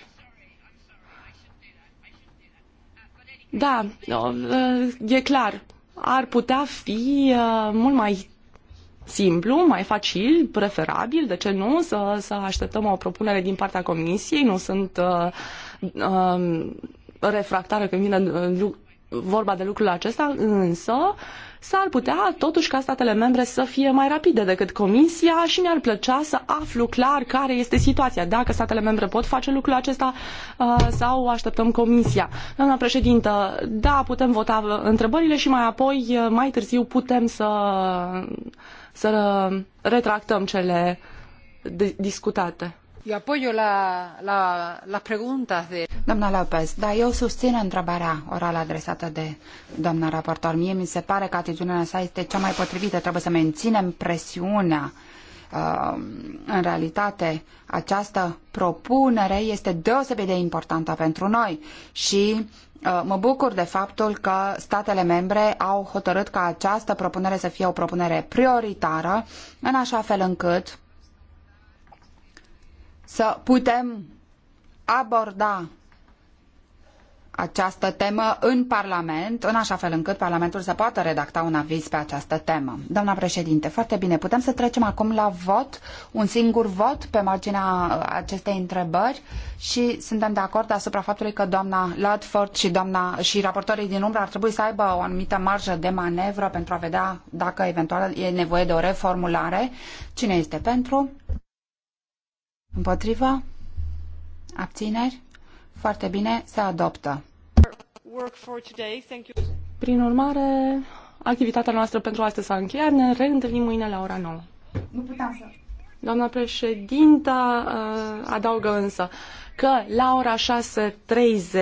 Da, e clar. Ar putea fi mult mai simplu, mai facil, preferabil, de ce nu, să, să așteptăm o propunere din partea Comisiei. Nu sunt uh, uh, refractară când vine vorba de lucrul acesta, însă uh, S-ar putea totuși ca statele membre să fie mai rapide decât Comisia și mi-ar plăcea să aflu clar care este situația, dacă statele membre pot face lucrul acesta uh, sau așteptăm Comisia. Doamna președintă, da, putem vota uh, întrebările și mai apoi, uh, mai târziu, putem să, să retractăm cele discutate. Doamna Lopez, da, eu susțin întrebarea orală adresată de doamna raportor. Mie mi se pare că atitudinea sa este cea mai potrivită. Trebuie să menținem presiunea uh, în realitate această propunere este deosebit de importantă pentru noi și uh, mă bucur de faptul că statele membre au hotărât ca această propunere să fie o propunere prioritară în așa fel încât să putem aborda această temă în Parlament, în așa fel încât Parlamentul să poată redacta un aviz pe această temă. Doamna președinte, foarte bine, putem să trecem acum la vot, un singur vot pe marginea uh, acestei întrebări și suntem de acord asupra faptului că doamna Ludford și, doamna, și raportorii din umbră ar trebui să aibă o anumită marjă de manevră pentru a vedea dacă eventual e nevoie de o reformulare. Cine este pentru? Împotriva? Abțineri? Foarte bine, se adoptă. Prin urmare, activitatea noastră pentru astăzi s-a încheiat. Ne reîntâlnim mâine la ora 9. Nu puteam să... Doamna președinta uh, adaugă însă că la ora 6.30